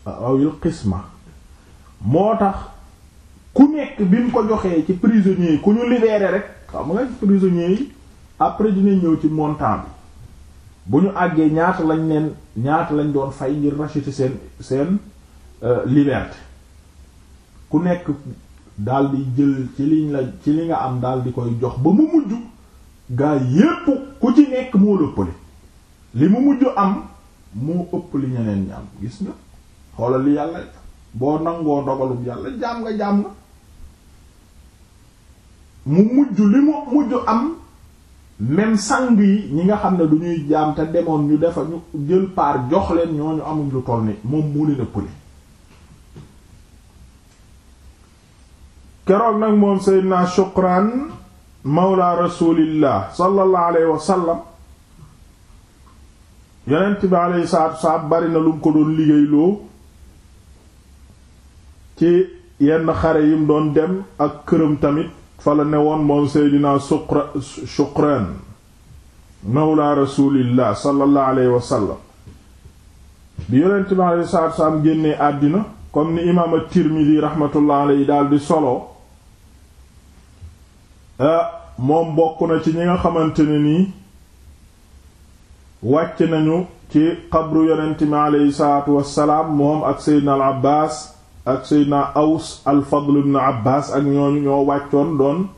awil xisma moo tax ku nekk bi mu ko joxee ci prisonnier yi ku ñu libéré rek xam nga prisonnier yi après dina ñëw ci montant bu ñu àggee ñaata lañ leen ñaata lañ doon fay ngir racheter seen seen euh, liberté ku nekk daal di jël ci liñ la ci li nga am daal di koy jox ba mu mujj gaa yépp ku ci nekk moo lëppale li mu mujj am mu ëpp li ñeneen ñi am gis nga xoolal li yàlla boo nangoo dogalum yàlla jaam nga jaam nga mu mujj li mu mujj am même sang yi ñi nga xam ne du ñuy jaam te demoon ñu defa ñu jël paar jox leen ñoo ñu amuñ lu toll ni moom mu leen ëppale keroog nag moom Seydina Shukran mawla rasulillah sallallahu alayhi wa sallam bi alayhi salaatu wa bari na lu mu ko doon liggéeyloo ci yenn xare yim doon dem ak këram tamit fa la ne woon moom seydinaa suqra suqraan mawla rasulillah sallallahu alayhi wa sallam bi yonent bi génnee àddina comme ni imaam at-Tirmidhi rahmatullah alayhi daal solo ah, moom bokk na ci ñi nga xamante ne nii wàcc nañu ci xabru yonent bi alayhi moom ak seydinaa al Abbaas ak seydna aws alfadl ibn abbas ak ñooñu ñoo wàccoon doon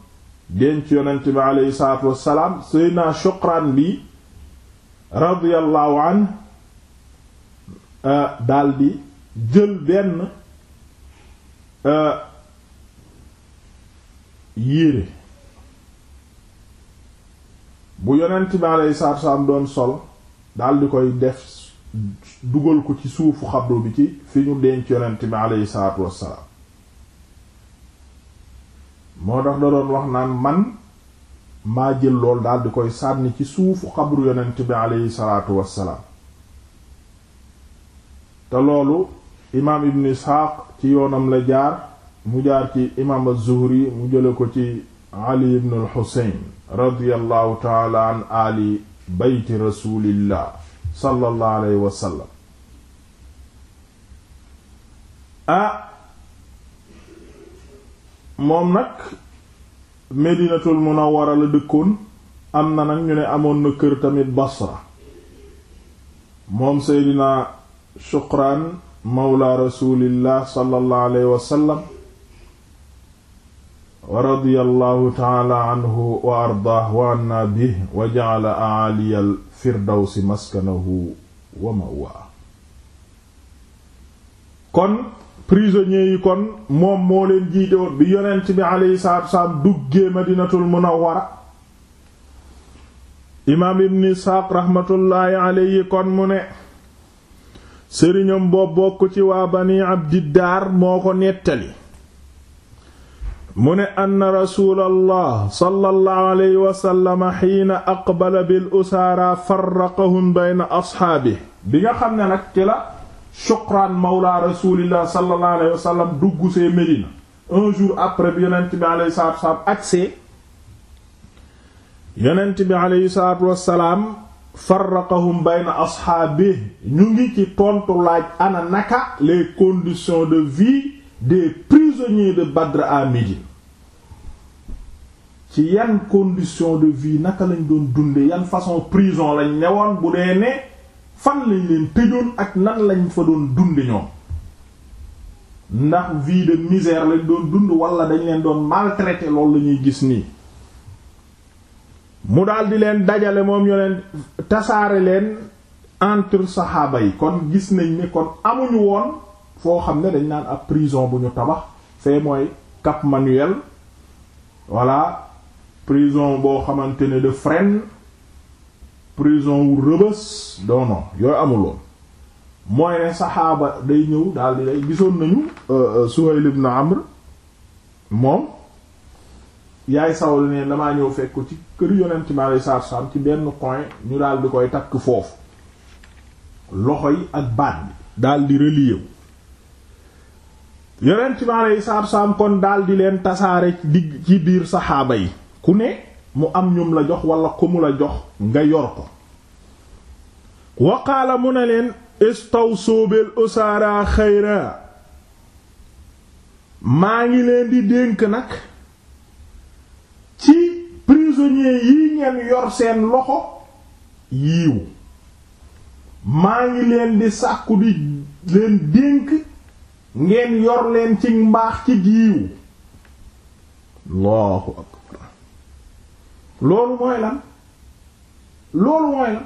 denc yonent bi aleyhi salaatu wassalaam seydna shuqraan bi radiyallahu an euh, daldi jël benn euh, yére bu yonent bi aleyhi salaatu wassalaam doon sol daldi koy def dugal ko ci suufu xabru bi ci fi ñu denc yonent bi aleyhi salaatu wassalaam moo tax da doon wax naan man maa jël lool daldi koy sànni ci suufu xabru yonent bi aleyhi salaatu wassalaam te loolu imaam ibn isxaaq ci yoonam la jaar mu jaar ci imaam az-zuhri mu jële ko ci ali ibn al-husayn radiyallahu taala an ali beyti rasulillah sallallahu alayhi wa ah moom nag medinatul munawwara la dëkkoon am na nag ñu ne amoon na kër tamit basra moom seydina shuqraan mawla rasulillah sallallahu alayhi wasallam wa radiyallahu taala anhu wa ardaah wa anna bih wa ja'ala a'aliyal maskanahu wa mawwa kon prisonniers yi kon moom moo leen jiite woon bi yonent bi aleyhi salaatu wasalaam duggee madinatul munawwara imaam ibn isxaaq raxmatullaahi aleyhi kon mu ne sëriñam boo bokk ci waa bani abdidaar moo ko nettali mu ne anna rasuulallah sallallahu alayhi wasallam xiina aqbala bil usaara farraqahum bayna asxaabi bi nga xam ne nag ci Shuqraan mawla rasulillah sallallahu alayhi wa sallam dugg see Médina un jour après bi yonent bi alayhi salaatu wasalaam agsee yonent bi alayhi salaatu wasalaam farraqahum bayna asxaabi ñu ngi ci tontu laaj ana naka les conditions de vie des prisonniers de Badr à Médine ci yan condition de vie naka lañ doon dunde yan façon prison lañ newoon bu dee ne fan lañ leen tëjoon ak nan lañ fa doon dund ñoom ndax vie de misère lañ doon dund wala dañ leen doon maltraité loolu la ñuy gis nii mu daal di leen dajale moom yonent tasaare leen entre saxaaba yi kon gis nañ ni kon amuñu woon foo xam ne dañ naan ab prison bu ñu tabax fee mooy Cap Manuel voilà prison boo xamante ne de fren prison wu rëbës non non amuloon mooy ne saxaaba day ñëw daal di gisoon nañu euh, euh, Suhayl ibn Amr moom yaay sawal ne damaa ñëw fekk ci kër yonent mi alayhi salaatu ci benn coin ñu daal di koy takk foofu loxo yi ak baat bi daal di relier yonent mi alayhi kon daal di leen tasaare digg ci biir saxaaba yi ku ne mu am ñum la jox wala ku mu la jox nga yor ko waqaala mu ne leen istawsu bil usaara xayra maa ngi leen di dénk nag ci prisonniers yi ngeen yor seen loxo yiiw maa ngi leen di sàkku di leen dénk ngeen yor leen ci mbaax ci giiw loolu mooy lan loolu mooy lan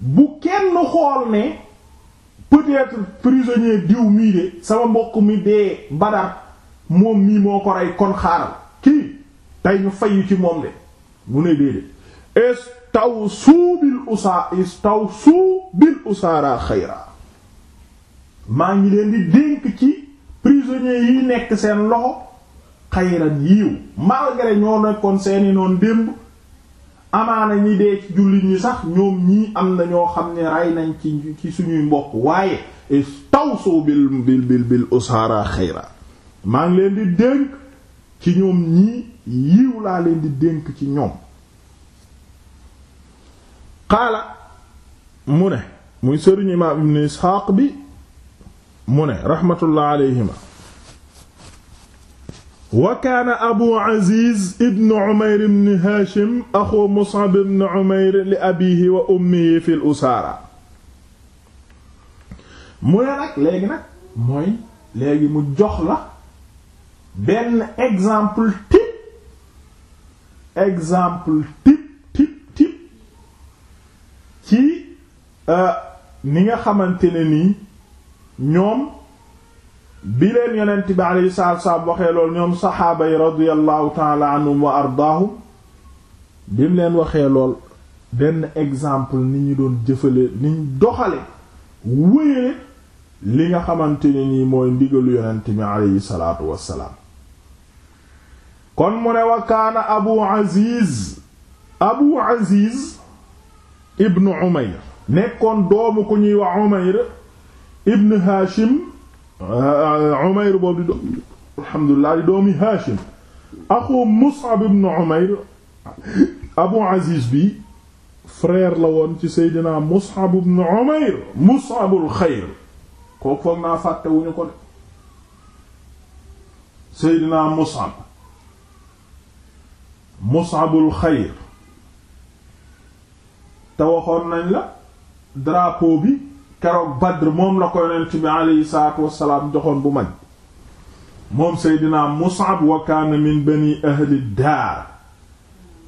bu kenn xool ne peut-être prisonnier diw mii de sama mbokk mi dee Badar moom mii moo ko rey kon xaaral kii tey ñu fayyu ci moom de mu ne déedéet istawsu bil usa istawsu bil usara xayra maa ngi leen di dénk ci prisonnier yi nekk seen loxo xayran yiiw malgré ñoo nekkoon seeni noon démb amaana ñi dee ci jullit ñi sax ñoom ñii am na ñoo xam ne rey nañ ci suñuy mbokk waaye istawsu bil bil bil bil usara xayra maa leen di dénk ci ñoom ñii yiw laa leen di dénk ci ñoom qaala mu ne muy sëriñ imaam ibn isxaaq bi mu ne raxmatullah alayhima wa kaan abu aziz ibn umair ibn hashim axu mus'ab ibn umair li abihi wa ummihi fil usaara mu ne nag léegi nag mooy léegi mu jox la benn exemple type exemple type type type ci euh, ni nga xamante ne nii ñoom bi leen yonent bi alayhi salaatu salaam waxee lool ñoom saxaaba yi radiyallahu anhum wa ardaahum bi leen waxee lool benn exemple ni ñu doon jëfale ni doxale wéyale li nga xamante ne nii mooy ndigalu yonent bi alayhi salaatu wassalaam kon mu ne wa kaana abu aziz abu aziz ibnu umayr nekkoon doomu ku ñuy wax umayr ibnu haashim Euh, Umayr boobu di doom alhamdulilah di doomi Haashim axu Mus'ab ibn Umayr Abu Aziz bi frère la woon ci Seydina Mus'ab ibn Umayr Mus'abul xayr kooku foog naa fàtte wu ñu ko de Seydina Mus'ab Mus'abul xayr te waxoon nañ la drapeau bi keroog Badr moom la ko yonent bi aleyhi salaatu wassalaam joxoon bu mag moom Seydina Mus'ab wa kaana min bani ahli daar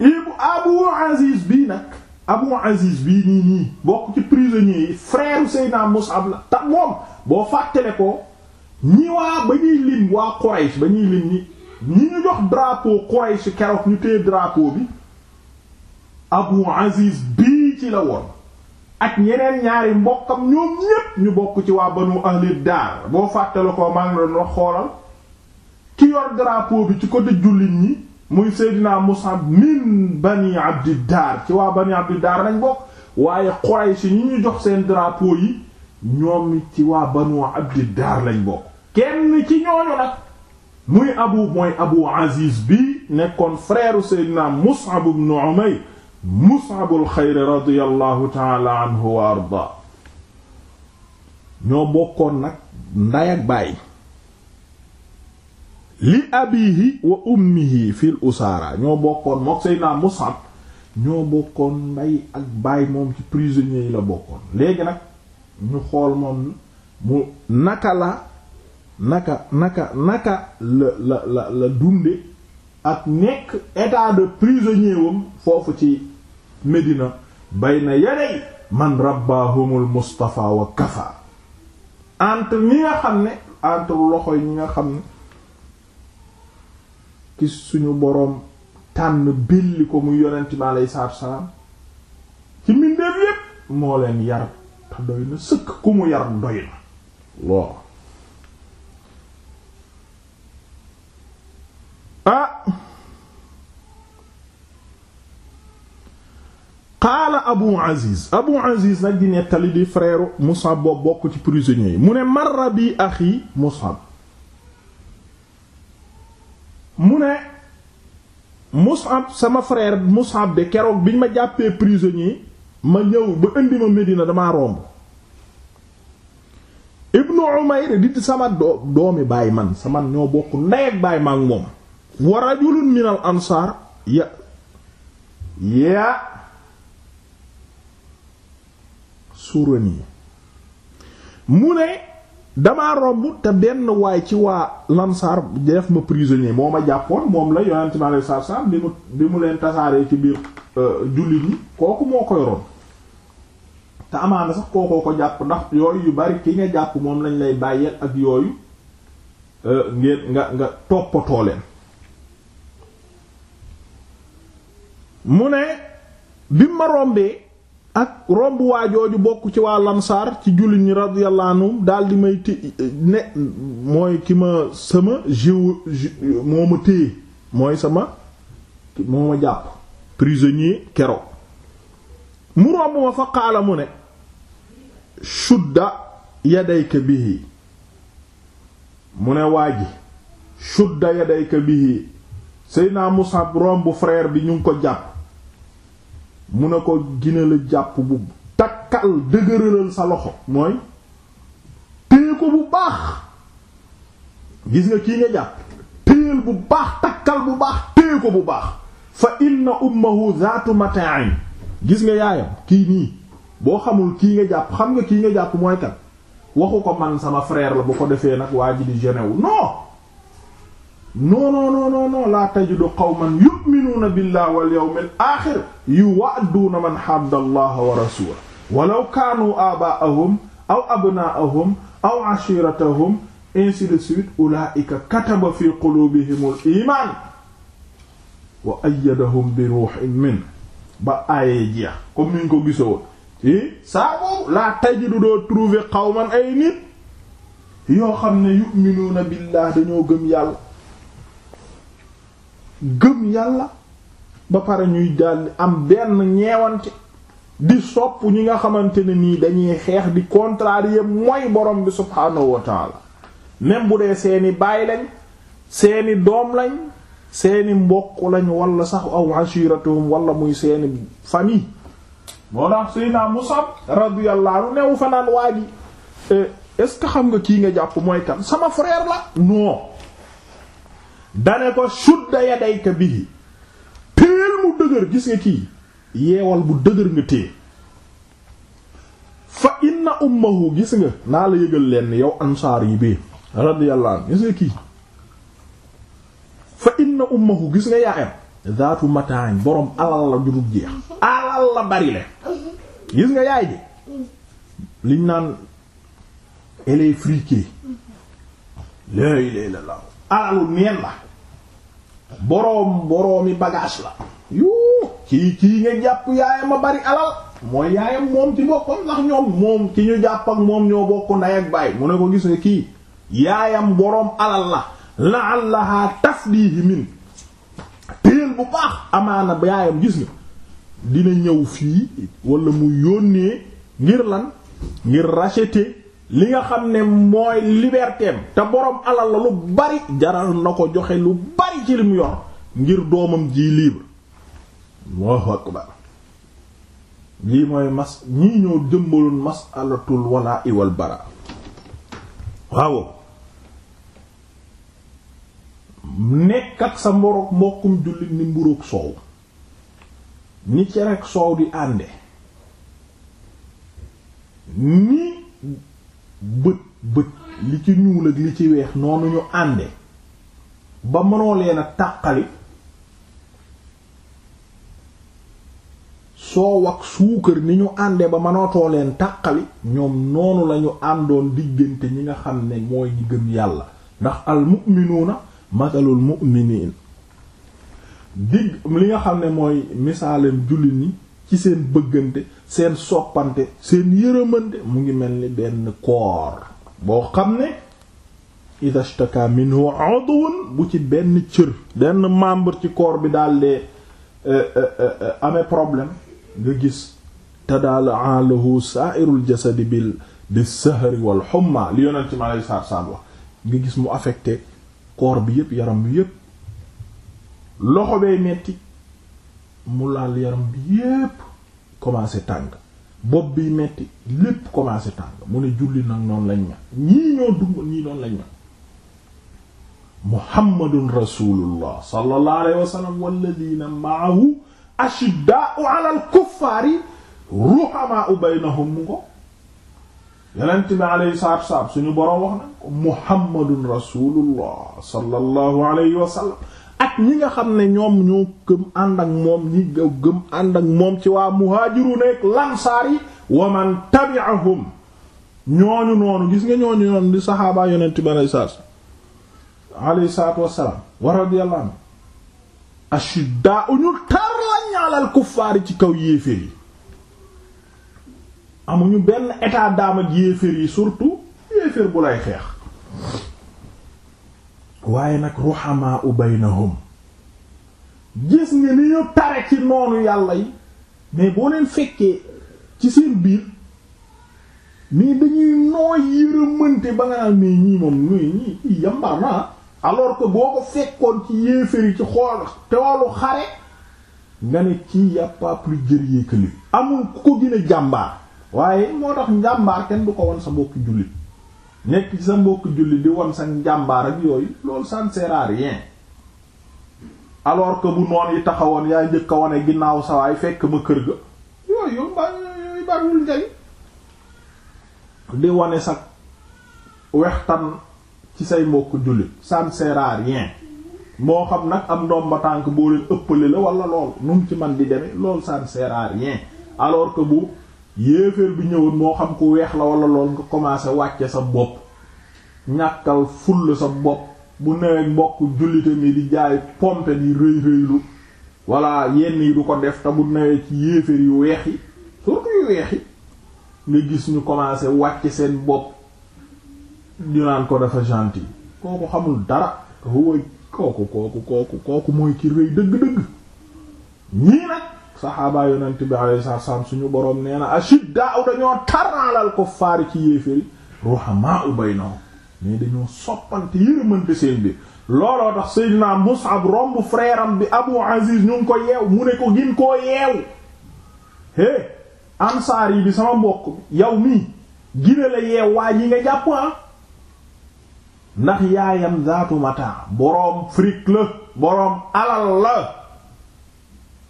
ibu Abu Aziz bii nag Abu Aziz bii nii nii bokk ci prisonniers yi frère Seydina Mus'ab la tax moom boo fàttale ko ñi waa ba ñuy lim waa Quraysh ba ñuy lim ñi ñu jox drapeau Quraysh keroog ñu téye drapeau bi Abu Aziz bii ci la woon ak ñeneen ñaari mbokkam ñoom ñépp ñu bokk ci waa banu ahli daar boo fàttale ko maa ngi xoolal ki yor drapeau bi ci côté jullit ñi muy Seydina Musab min bani abdi daar ci waa bani abdi daar lañ bokk waaye Quraysh ñi ñu jox seen drapeau yi ñoom ci waa banu abdi daar lañ bokk kenn ci ñooñu nag muy abu mooy abu aziz bi nekkoon frère Seydina Musab ibn Umayr musaabul xayri radiyallahu taala anhu wa arda ñoo bokkoon nag nday ak baay li abihi wa ummihi fil usaara ñoo bokkoon mook Seydina ñoo bokkoon nday ak baay moom ci prisonniers yi la bokkoon léegi nag ñu xool moom mu naka la naka naka naka la la la la dunde ak nekk état prisonnier wam foofu ci Medina bayna yaday man rabbahumul Mustafa wa kafa entre ñi nga xam ne entre loxoy ñi nga xam ne ki suñu boroom tànn billi ko mu yonent bi aleyhi salaam ci mbindeef yépp moo leen yar te doy na sëkk ku mu yar doy na waaw ah qaala abu aziz abu aziz nag di nettali di frère musab boobu bokk ci prisonniers yi mu ne marra bi axi musab mu ne musab sama frère musab de keroog biñ ma jàppee prisonnier ma ñëw ba indi ma Medina damaa romb ibnu umayr di sama doomi baay man sama ñoo bokk ndey ak baay maak moom wa rajulun min ansaar ya surani mu ne damaa romb te benn waay ci waa lansaar def ma prisonnier moom a jàppoon moom la yonent mi alayhi salaatu salaam bi mu bi mu leen tasaaree ci biir euh, jullit yi kooku moo koy ron te amaana sax kookoo ko jàpp ndax yooyu yu bari ki nga jàpp moom lañ lay bàyyeel ak yooyu euh, ngeen nga nga toppatoo leen mu ne bi ma rombee ak romb waa jooju bokk ci waa lansaar ci jullit ñi radiyallahu anhum daal di may té ne mooy ki ma sama jiw moo ma téye mooy sama moo ma jàpp prisonnier kero mu romb ma fa qaala mu ne shudda yadayka bihi mu ne waa ji shudda yadayka bihi Seydina Musab romb frère bi ñu ko jàpp mu ne ko gina la jàpp bu takkal dëgëralal sa loxo mooy téye ko bu baax gis nga kii nga jàpp téyel bu baax takkal bu baax téye ko bu baax fa inna ummahu zaatu mata'in gis nga yaayam kii nii boo xamul kii nga jàpp xam nga kii nga jàpp mooy kan waxu ko man sama frère la bu ko defee nag waa ji di genewu non non non non non non laa tajidu qawman yu'minuuna billahi wal yawmil aaxir yuwadduuna man hadda allaha wa rasulahu walaw kaanu aabaa'ahum aw abnaa'ahum aw ashiiratahum ainsi de suite ulaa'ika kataba fi quluubihimul iimaan wa ayyadahum bi ruuhin min ba aayee jeex comme niñ ko gisoon ci saa boobu laa tajidu doo trouver qawman ay nit yoo xam ne yu'minuuna billahi dañoo gëm yàlla gëm yàlla ba pare ñuy daldi am benn ñeewante di sopp ñi nga xamante ne nii dañuy xeex di contrarier mooy borom bi subhaanahu wa taala même bu dee seeni baay lañ seeni doom lañ seeni mbokk lañ wala sax aw ashiratuhum wala muy seeni famille moo tax Seydina mu radiyallahu anhu neewu fanaan waa ji eh, est-ce que xam nga kii nga jàpp mooy kan sama frère la non dane ko sudda yadayka bihi péel mu dëgër gis nga kii yeewal bu dëgër nga téye fa inna ummahu gis nga naa la yëgal leen yow ansaar yi bee radiyallahu anhu gis nga kii fa inna ummahu gis nga yaayam zaatu mataan borom alal la judul jeex alal la bari le gis nga yaay ji liñ naan elle est friquée la ilaha alalu neen la boroom boroomi bagage la yuu kii kii nga jàpp yaayam a bari alal mooy yaayam moom ci boppam ndax ñoom moom ci ñu jàpp ak moom ñoo bokk ndey ak baay mu ne ko gis nga kii yaayam boroom alal la la'allaha tafdihi min téel bu baax amaana yaayam gis nga dina ñëw fii wala mu yónnee ngir lan ngir racheter li nga xam ne mooy libertéem te boroom alal la lu bari jaral na ko joxe lu bari ci lim yor ngir doomam ji libre Allahu akbar lii mooy mas ñii ñoo dëmbaloon masalatul walaa iwal bara waaw nekk sa mborook mbokkum jullit ni mburook soow ni cere ak soow di ànde ni bët bët li ci ñuul ak li ci weex noonu ñu ànde ba mënoo leen a soo wax suukar ni ñu ànde ba mënootoo leen tàqali ñoom noonu lañu àndoon diggante ñi nga xam ne mooy gën yàlla ndax al mu'minuuna matalul mu'miniin digg li nga xam ne mooy misaalam jullit ñi ci seen bëggante seen soppante seen yërëmante mu ngi mel ni benn koor boo xam ne idastaka minhu udwun bu ci benn cër benn membre ci koor bi daallee eh, eh, eh, amee problème nga gis te daal alahu sa'irul jasadi bil bi sahari wal humma li ci ma lay saar saar wax nga gis mu affecté koor bi yëpp yaram bi yëpp loxo bay metti mu laal yaram bi yépp commencé tàng bopp bi metti lépp commencé tàng mu ne julli nag noonu lañ ma ñii ñoo dund ñii noonu lañ ma muhammadun rasulullah sallallahu alayhi wa sallam walladina maahu ashiddaa'u ala al-kuffaari ruhamaa'u baynahum mu ko yonent bi alayhi salaatu wa salaam suñu boroom wax na ko muhammadun rasulullah alayhi wa ak ñi nga xam ne ñoom ñoo gëm ànd ak moom ñi gëm ànd ak moom ci waa muhaajiruun ak lansaar yi wa man tabi'ahum ñooñu noonu gis nga ñooñu noonu di saxaabaa yonent bi alayhi salaatu salaatu wassalaam wa radiyallahu anhu ñu tar lañ alal kuffaar ci kaw yéeféer yi amuñu benn état d'âme ak yéeféer yi surtout yéeféer bu lay xeex waaye nag ruhamaa u baynahum gis nga ni ñu tare ci noonu yàlla yi mais boo leen fekkee ci seen biir mais dañuy nooy yërëmante ba nga naan mais ñii moom ñooy ñii i naa alors que boo ko fekkoon ci yéeféri ci xool toolu xare nga ne kii y'a pas plus guerrier que amul ku ko gën a waaye moo tax njàmbaar kenn du ko won sa bokki jullit nekk ci sa mbokk julli di won sa njàmbaar ak yooyu loolu ça ne sert à bu noon yi taxawoon yaa njëkk a wane ginnaaw sawaay fekk ma kër ga yooyu yow ba yooyu bariwul njariñ di wane sa wextan ci say mbokk julli ça ne moo xam nag am doom ba tànk boo leen ëppale la wala lool nu mu ci man di deme loolu ça ne sert à alors bu yéeféer bi ñëwoon moo xam ku weex la wala lool nga commencé wàcce sa bopp ñàkkal full sa bopp bu newee mbokk jullite mi di jaay pompe di rëy rëylu walla yenn yi du ko def te bu newee ci yéeféer yu weex yi surtout yu weex yi nga gis ñu commencé wàcce seen bopp ñu ko dafa gentil kooku xamul dara huwa kooku kooku kooku mooy ki rëy dëgg-dëgg ñii nag saxaabaa yonent bi alayhi salaam suñu boroom nee na ashiddaa'u dañoo taraalal kuffaari ci yéeféri ruhamaa'u baynahum mais dañoo soppante yërëmante seen bi looloo tax Seydina Mus'ab romb frère bi Abu Aziz ñu ko yeew mu ne ko gin koo yeew hé ansaar yi bi sama mbokk yow mii gina la yeew waa ñi nga jàpp ah ndax yaayam zaatu mataa boroom fric la boroom alal la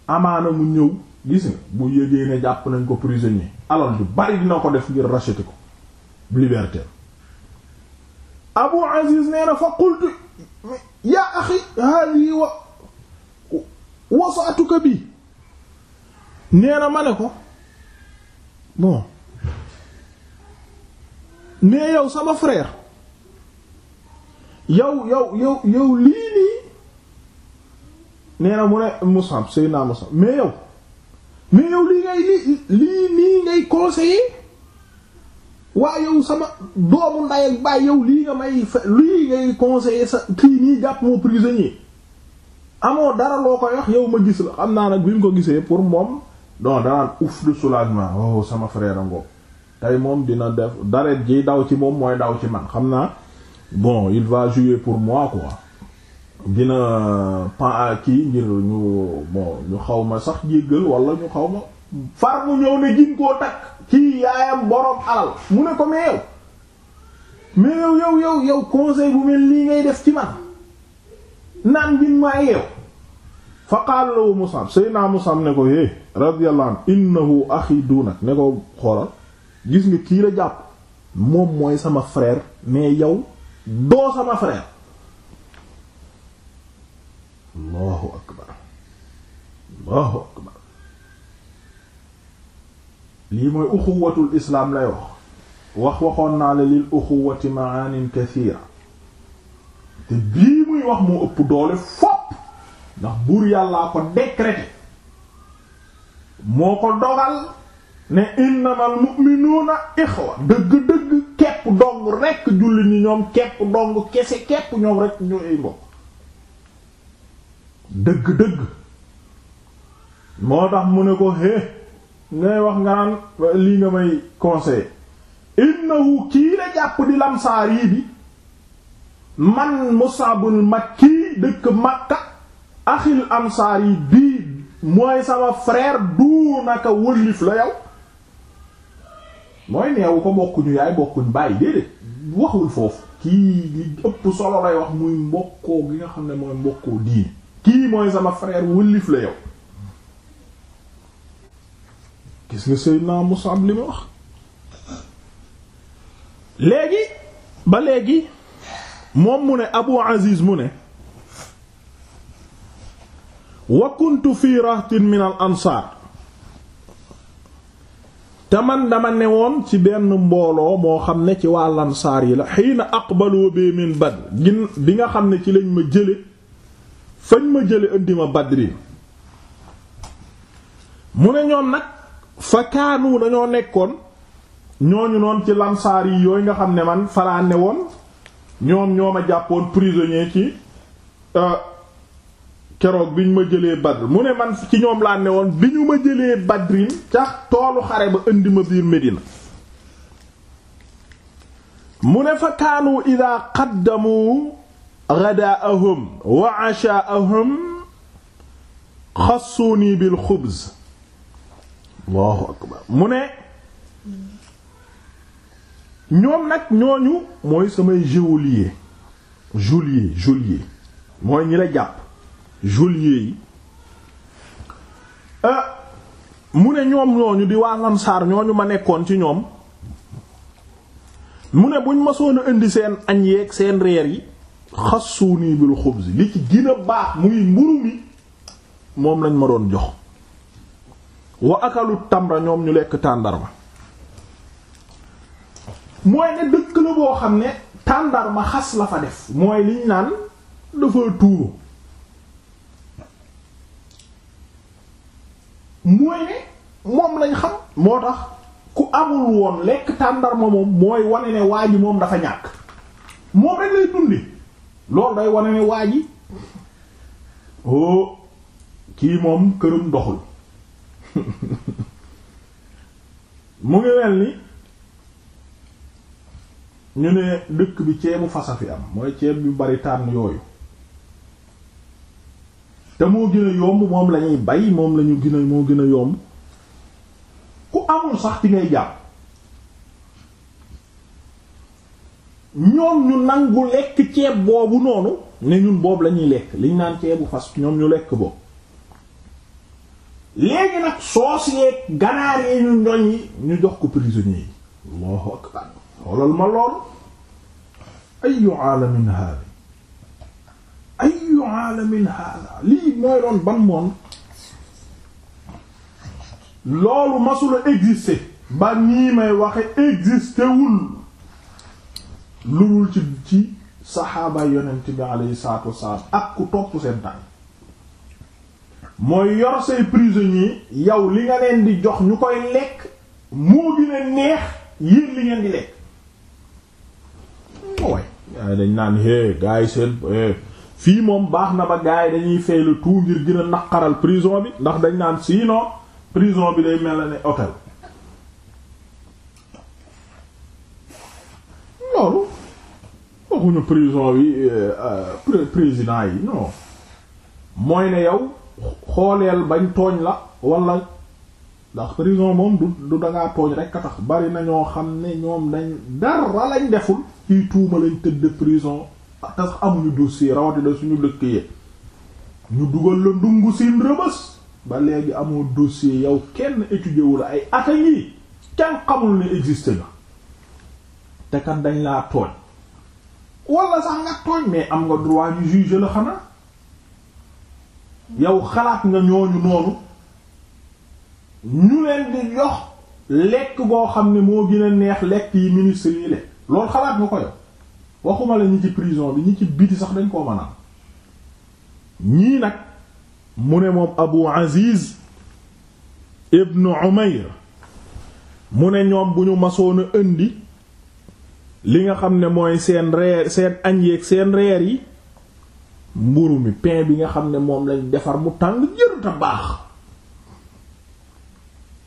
amaana mu ñëw gis nga bu yégee jàpp nañ ko prisonnier alal ju bari dina ko def ngir racheter ko liberté Abu Aziz nee na fa qultu yaa axi hadi wa wasaatuka bi nee na ma ne ko bon mais yow sama frère yow yow yow yow lii nii nee na mu ne Mus'ab Seydina Mus'ab mais yow mais yow lii ngay lii lii nii ngay conseiller waa yow sama doomu nday ak baay yow lii nga may fe lii ngay conseiller sa kii nii jàpp moo prisonnier amoo dara loo koy wax yow ma gis la xam naa nag bi mu ko gisee pour moom donc danaan ouf de soulagement oh, sama frère Ngom moom dina def daret jii daw ci moom mooy daw ci man xam naa bon il va jouer pour moi quoi gën a kii ngir ñu bon ñu xaw ma sax jéggal wala ñu xaw ma far mu ñëw ne gin koo takk kii yaayam borom alal mu ne ko mais yow mais yow yow yow yow conseil bu mel lii ngay def ci man naan gin maa yeew fa qaala lahu Mus'ab sayna Mus'ab ne ko é eh, radiyallahu anhu innahu axi dunak ne ko xoolal gis nga kii la jàpp moom mooy sama frère mais yow doo sama frère allahu akbar allahu akbar lii mooy uxuwatul islaam lay wax wax waxoon naa la lil uxuwati maanin kathira te bii muy wax moo ëpp doole fopp ndax buur yàllaa ko décréter moo ko dogal ne innamal mu'minuuna ixwa dëgg-dëgg kepp dong rekk julli ñi ñoom kepp dong kese kepp ñoom rekk ñooy mbokk dëgg-dëgg moo tax mu ne ko hé ngay wax nga naan lii nga may conseil innahu kii la jàpp di lamsaar yii bi man Musabul Makki dëkk Makka axil ansaar yi bii mooy sama frère du naka wëllif la yow mooy neewu ko bokkuñu yaay bokkuñ bàyyi déedéet waxul foofu kii li ëpp solo lay wax muy mbokkoo gi nga xam ne mooy mbokkoo diine kii mooy sama frère wëllif la yow gis nga Seydina Musab li ma wax léegi ba léegi moom mu ne Abu Aziz mu ne wa kuntu fi min al ansaar te man dama ne woon ci benn mbooloo moo xam ne ci waa lansaar yi la xiina aqbalu bi min Badr gin bi nga xam ne ci lañ ma jële fañ ma jële indi ma badrin mu ne ñoom nag fa kaanu dañoo nekkoon ñooñu noon ci lansaar yi yooyu nga xam ne man falaa ne woon ñoom ñoo ma jàppoon prisonnier ci euh, keroog bi ñu ma jëlee Badr mu ne man ci ñoom laa ne woon bi ñu ma jëlee Badrin ca toolu xare ba indi ma biir Medina mu ne fa kaanu ida qaddamu ghadaahum wa ashaahum xassuuni bil xubz allahu akbar mu ne ñoom nag ñooñu mooy samay geôlier geôlier geôlier mooy ñi la jàpp geôlier yi euh, mu ne ñoom ñooñu di waa Ansaar ñooñu ma nekkoon ci ñoom mu ne buñ ma soon indi seen añ yeeg seen reer yi xasuu nii bil xubsi li ci gën baax muy mburu mi moom lañ ma doon jox wa akalu tamra ñoom ñu lekk tàndarma mooy ne xam ne tàndarma xas la def mooy naan dafa ne moom lañ xam moo tax ku amul woon lekk tàndarma moom mooy wane ne waa ji moom dafa ñàkk moom rek lay dundi loolu day wane ne waa ji oh kii moom kërum doxul mu ngi mel ni ñu ne dëkk bi ceebu fasa fi am mooy ceeb bi bari tànn yooyu te moo gën a yomb moom lañuy bay moom lañu gën a moo gën a yomb ku amul sax ci ngay jàpp ñoom ñu nangu lekk ceeb boobu noonu ne ñun boobu lañuy lekk liñ naan ceebu fas ñoom ñu lekk boobu léegi nag soos yeeg ganaar yee ñu ñoñ yi ñu jox ko prisonnier yi allahu akbar xoolal ma loolu ayu aalamin hada ayu aalamin hada lii mooy doon ban moon loolu masula exister ba nii may waxe exister lurul ci ci saxaaba yonent bi alayhi salaatu wassalaam ak ku topp seen tànk mooy yor say prisonniers yow li nga leen di jox ñu koy lekk moo gën a neex yéen li ngeen di lekk oh, waaye dañ naan hé yi seen fii moom baax na ba gaa yi dañuy fay le tout ngir gën a naqaral prison bi ndax dañ naan sinon prison bi day mel otel waxuñu prison bi euh, euh, président yi non mooy ne yow xooleel bañ tooñ la walla ndax prison moom du du dangaa tooñ rek a tax bari na ñoo xam ne ñoom dañ dara lañ deful kii tuuma lañ tëdd prison tax amuñu dossier rawatina suñu dëkk yi ñu dugal la dungu siin rëbës ba léegi amoo dossier yow kenn étudier wu ay ata kenn xamul ne existe na te kat dañ laa tooñ wala sax nga tooñ mais am nga droit yu juger la xanaa yow xalaat nga ñooñu noonu ñu leen di jox lekk boo xam ne moo gën a neex lekk yi ministre yi lekk loolu xalaat nga ko yow waxuma la ñi ci prison bi ñi ci biti sax dañ koo mën a ñii nag mu ne moom Abu Aziz ibnu Umayr mu ne ñoom bu ñu masoon a indi li nga xam ne mooy seen reer seen añ yeeg seen reer yi mburu mi pain bi nga xam ne moom lañ defar mu tàng jër te baax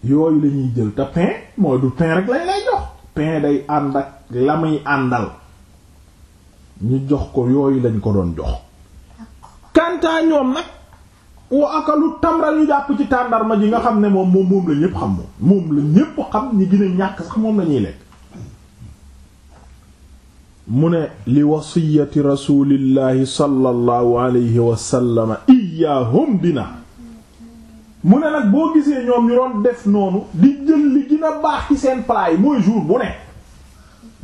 yooyu la jël te pain mooy du pain rek lañ lay jox pain day ànd ak la muy àndal ñu jox ko yooyu lañ ko doon jox kantaa ñoom nag wa akalu tamra ñu jàpp ci tàndarma ji nga xam ne moom moom moom la xam moom moom la ñépp xam ñi gën ñàkk sax moom lañuy lekk mu ne li wasiyati rasulillahi sallallahu alayhi wasallama iyaahum bina mu ne nag boo gisee ñoom ñu doon def noonu di jël li gën baax ci seen plat yi mooy jour bu ne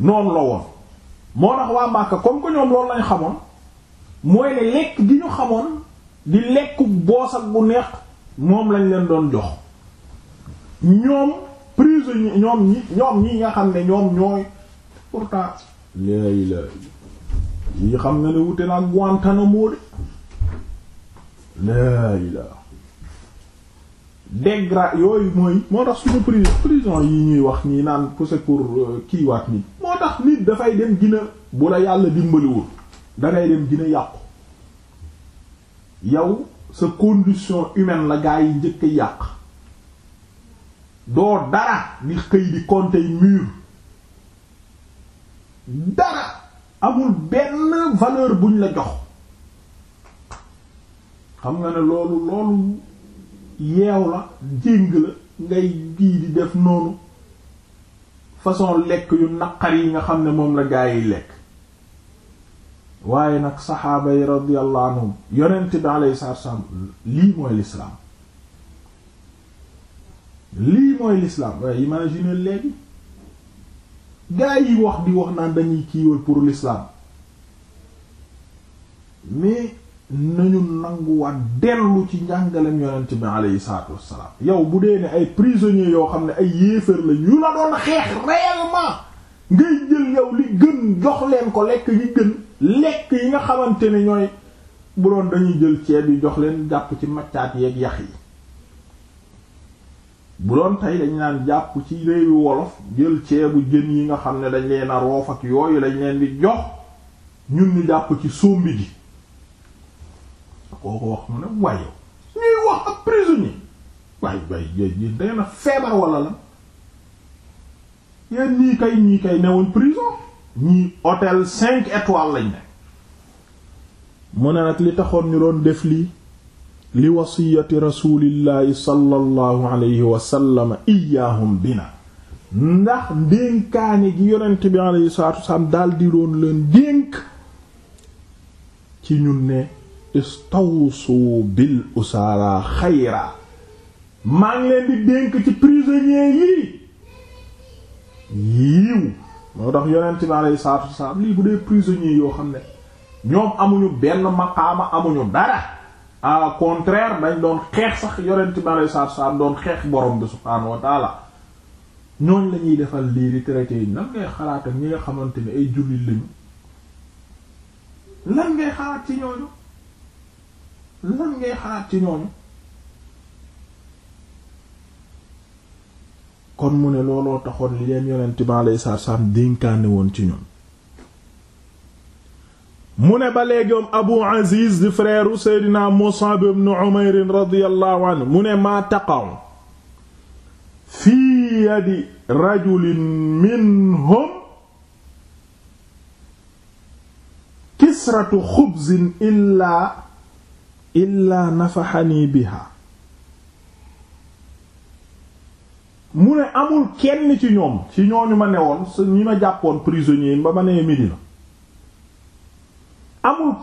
noonu la woon moo tax waa Màkka comme que ñoom loolu lañ xamoon mooy ne lekk gi ñu xamoon di lekku boos ak bu neex moom lañ leen doon jox ñoom prisonniers ñoom ñi ñoom ñi nga xam ne ñoom ñooy pourtant léegi la yi xam nga ne wute na ak Guantanamo de léegi la dégra yooyu mooy moo tax suñu prison prison yi ñuy wax ñii naan poussé pour euh, kiiwaat nit moo tax nit dafay dem gina bu la yàlla dimbaliwul dangay dem gina yàqu yow sa condition humaine la gaa yi njëkk yàq doo dara di xëy di compter dara amul benn valeur buñ la jox xam nga ne loolu loolu yeew la jéng la ngay gii di def noonu façon lekk yu naqar yi nga xam ne moom la gaa yi lekk waaye nag saxaaba yi radiyallahu anhum yonent bi alayhi salaatu wassalaam lii mooy lislaam lii mooy lislaam waaye imagine léegi gaa yi wax di wax naan dañuy kiiwee pour l'islam mais nañu nanguwaat dellu ci njàngalem yonent bi aleyhi salaatu wassalaam yow bu dee ne ay prisonniers yoo xam ne ay yéefar la yu la doon xeex réellement ngay jël yow li gën jox leen ko lekk yi gën lekk yi nga xamante ne ñooy bu doon dañuy jël ceeb yi jox leen jàpp ci maccaat yeeg yax yi bu doon tey dañ naan jàpp ci réewu wolof jël ceebu jën yi nga xam ne dañ leen a roof ak yooyu lañ leen di jox ñun ñu jàpp ci sombi gi kooko wax mu ne waaye ñuy wax ak prisonnier waay waay yooyu yéen da feebar wala la yéen ñii kay ñii kay newuñ prison ñii hôtel cinq étoiles lañ ne mu ne nag li taxoon ñu doon def lii li wasiyati rasulillahi sallallahu alayhi wasallama iyaahum bina ndax ndénkaane gi yonent bi sa salaatu wasalaam daldi doon leen dénk ci ñu ne istawsu bil usaara xayra maa ngi leen di dénk ci prisonniers yi yiiw moo tax yonent bi alayhi salaatu wasalaam lii bu dee prisonniers yoo xam ne ñoom amuñu benn maqaama amuñu dara au contraire dañ doon xeex sax yorenti bari saab-saab doon xeex borom bi subhaanahu wa taala ñooñ la defal lii di traité yi lan ngay xalaat ak ñi nga xamante ni ay jullit lañu lan ngay xalaat ci ñooñu ci ñooñu kon mu ne looloo taxoon li leen yonent bi alayhi salaam dénkaane woon ci ñoom mu ne ba léegoom abu aziz di frère seydina musab ibn umayr radiyallahu anhu mu ne maa taqaw fii yadi rajulin minhum kisratu xubzin illaa illaa nafaxanii biha mu ne amul kenn ci ñoom ci ñooñu ma newoon ñi ma jàppoon prisonnier ba ma nee Medina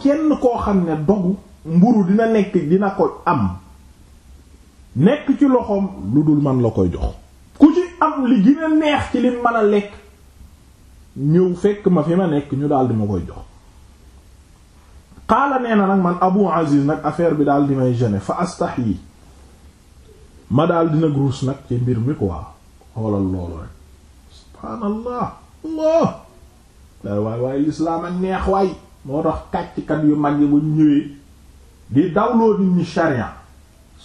kenn koo xam ne dogu mburu dina nekk dina ko am nekk ci loxoom lu dul man la koy jox ku ci am li gën neex ci li mën a lekk ñëw fekk ma fi ma nekk ñu daal di ma koy jox xaala nee na nag man Abu Aziz nag affaire bi daal di may gêner fa astahyi ma daal dina grousse nag ci mbir mi quoi xoolal loolu rek subhaanallah Allah waay waay lislaam ak neex waay moo tax kàcckat yu mag yi bu ñëwee di dawloo nit ñi sharia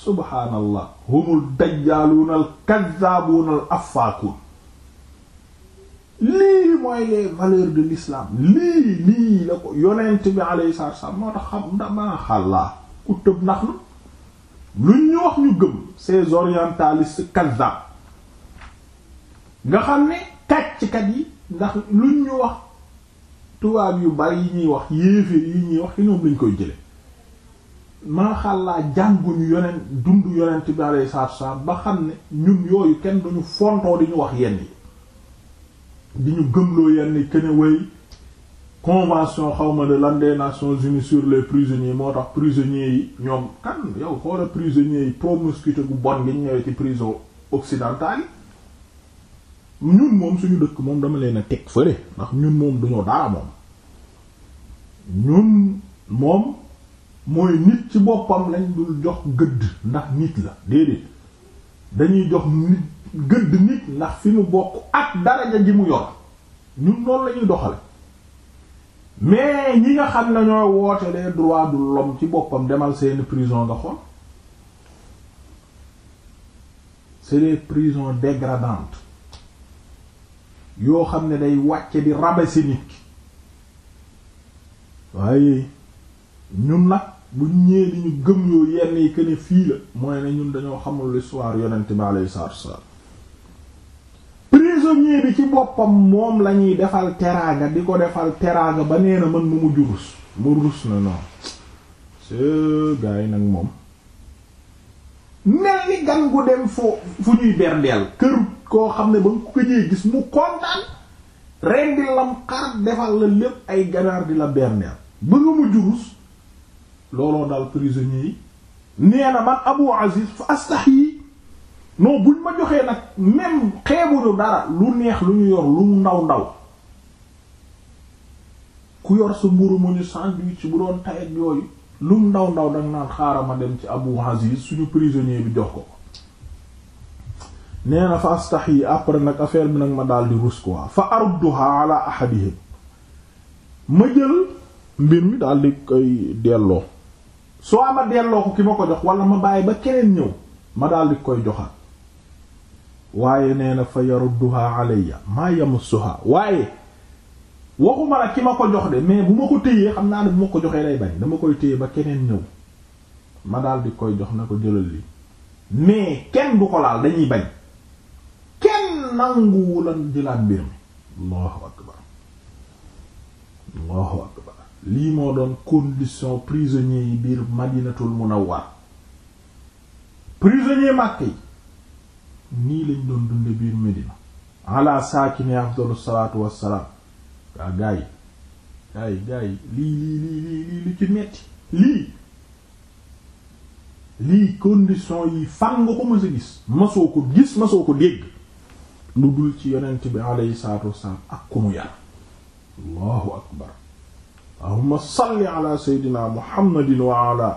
subhaanallah humul dajjaaluuna al kazzaabuuna al affaakuun lii mooy les valeurs de l'islam lii lii la ko yonent bi alayhi moo tax xam damaa xàllaa ku tëb nax na lu ñu wax ñu gëm ces orientalistes nga xam ne kàcckat yi ndax lu ñu wax tubaab yu bari yi ñuy wax yéeféer yi ñuy wax ci ñoom lañ koy jële maaxàllaa jànguñu yonent dund yonent bi alayhi salaatu wassalaam ba xam ne ñun yooyu kenn duñu fontoo di ñu wax yenn yi di ñu gëmloo yenn kene way convention xawma de lan des nations unies sur les prisonniers moo tax prisonniers yi ñoom kan yow xoola prisonniers yi promiscuité gu bon ngi ñëwee ci prison occidentale ñun moom suñu dëkk moom dama leen a teg fële ndax ñun moom duñoo dara moom ñun moom mooy nit ci boppam lañ dul jox gëdd ndax nit la déedéet dañuy jox nit gëdd nit ndax fi mu bokk ak daraja ji mu yor ñun noonu la ñuy mais ñi nga xam ne ñooy woote les droits de ci boppam demal seeni prison nga xool c'est des prisons dégradantes yoo xam ne day wàcce di rabaisser nit ki waaye ñun nag bu ñëwee di ñu gëm yoo yenn yi que ne fii la mooy ne ñun dañoo xamul l'histoire yonent bi alayhi salaatu wassalaam prisonnier bi ci boppam moom lañuy ñuy defal teraanga di ko defal teraanga ba nee na man mu mujj rus mu rus na non ce nag moom mel ni gan gu dem foo fu ñuy berndeel kër koo xam ne ba nga ko gëjee gis mu kontaan ren xar defal la lépp ay ganaar di la berndeel ba nga mujj looloo daal prisonniers yi nee na man Abu Aziz fa astahi non buñ ma joxee nag même xeebuñu dara lu neex lu ñu yor lu mu ndaw ndaw ku yor sa mburu mu ñu sandwich bu doon tay ak yooyu lu mu ndaw ndaw danga naan xaaral ma dem ci Abu Aziz suñu prisonnier bi jox ko nee na fa astahi après nag affaire bi nag ma daal di rus quoi fa arduha ala ahadihim ma jël mbir mi daal di koy delloo soo ama delloo ko ki ma ko jox wala ma bàyyi ba keneen ñëw ma daal di koy joxaat waaye nee na fa yarudduha alayya maa yamassuha waaye waxuma la ki ma ko jox de mais bu ma ko téyee xam naa ne bu ma ko joxee day bañ dama koy téye ba keneen ñëw ma daal di koy jox na ko jëlal li mais kenn du ko laal dañuy bañ kenn nanguwulan jëlaat mbir mi allahu akbar allahu akbar lii moo doon condition prisonniers yi biir madinatul munawwar prisonniers màkk yi nii lañ doon dunde biir Medina ala saakini afdalu salaatu wassalaam waa gaay gaay gaay lii lii lii lii lii li ci metti lii lii condition yi fan nga ko mës a gis masoo ko gis masoo ko dégg lu dul ci yonent bi alayhi salaatu wassalaam ak ku mu yar allahu akbar allahumma salli ala seydina muhammadin wa ala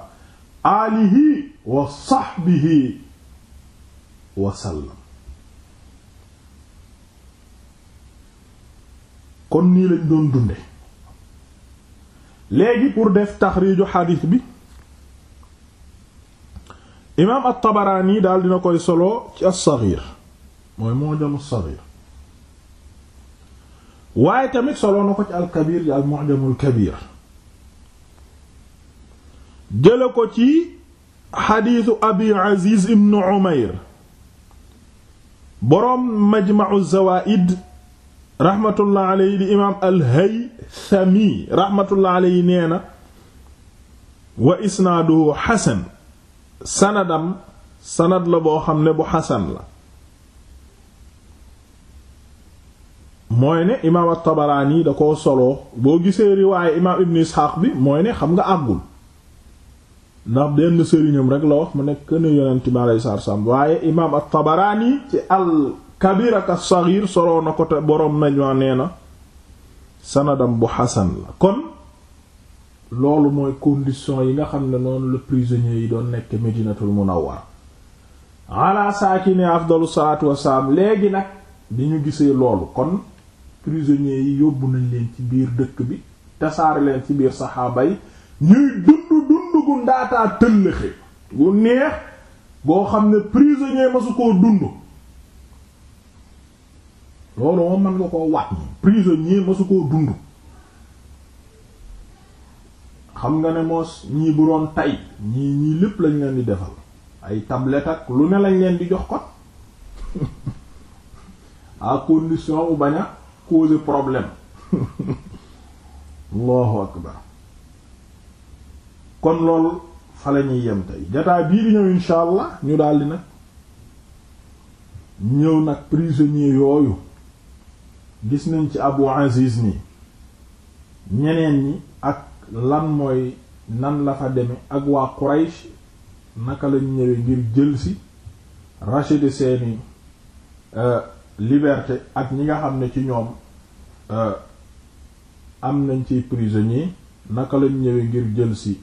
alihi wa sahbihi wa sallam kon nii lañ doon dunde léegi pour def taxriiju xadiis bi imaam at-Tabaraani daal dina koy solo ci as-Saxiir mooy Mu'jam as-Saxiir waaye tamit solo na ko ci alkabir yi almu'jamul kabir jële ko ci xadiisu abi aziz ibn umayr boroom majma'u zawaid rahmatullah aley di imaam alhaythami rahmatullah aley nee na wa isnaaduhu xasan sanadam sanad la boo xam ne bu xasan la mooy ne imaam at-Tabaraani da koo soloo boo gisee riwaaye imaam ibn Isxaaq bi mooy ne xam nga àggul ndax benn sëriñam rek la wax mu nekk ne yonent bi alayhi waaye imaam at-Tabaraani ci al-Kabiir ak as-Saxiir soloo na ko te boroom Najwa nee na sanadam bu xasan la kon loolu mooy condition yi nga xam ne noonu le prisonnier yi doon nekk Medinatul Munawwara ala saakini afdalu salaatu wassalaam léegi nag di ñu gisee loolu kon prisonniers yi yóbbu nañ leen ci biir dëkk bi tasaare leen ci biir saxaaba yi ñuy dund dund gu ndaataa tëllëxe gu neex boo xam ne prisonnier masu koo dund loolu moom mën nga koo wat prisonnier masu koo dund xam nga ne moos ñii bu doon tay ñii ñii lépp lañ leen di defal ay tablette ak lu ne lañ leen di jox kon à condition bu bañ causer problème allahu akbar kon loolu fa la yem tey jataay bii di ñëw insha allah ñu daldi nag ñëw nag prisonnier yooyu gis nañ ci Abu Aziz nii ñeneen ñi ak lan mooy nan la fa deme ak waa Quraysh naka lañ ñëwee ngir jëlsi racheter seeni euh, liberté ak ñi nga xam ne ci ñoom euh, am nañ ci prisonnier naka lañ ñëwee ngir jël si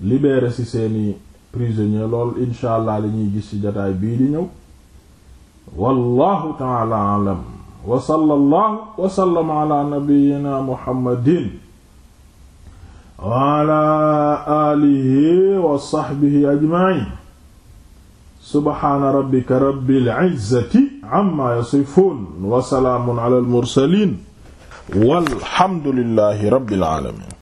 libérer si seeni prisonnier lool incha allah lañuy gis ci jotaay bii di ñëw wallahu taala alam wa sallallahu wa sallama ala nabiyyina muhammadin wa ala alihi wa sahbihi ajma'in subhana rabbika rabbil izzati amma yasifun wa salaamun ala al mursalin walhamdulillahi rabbil alamin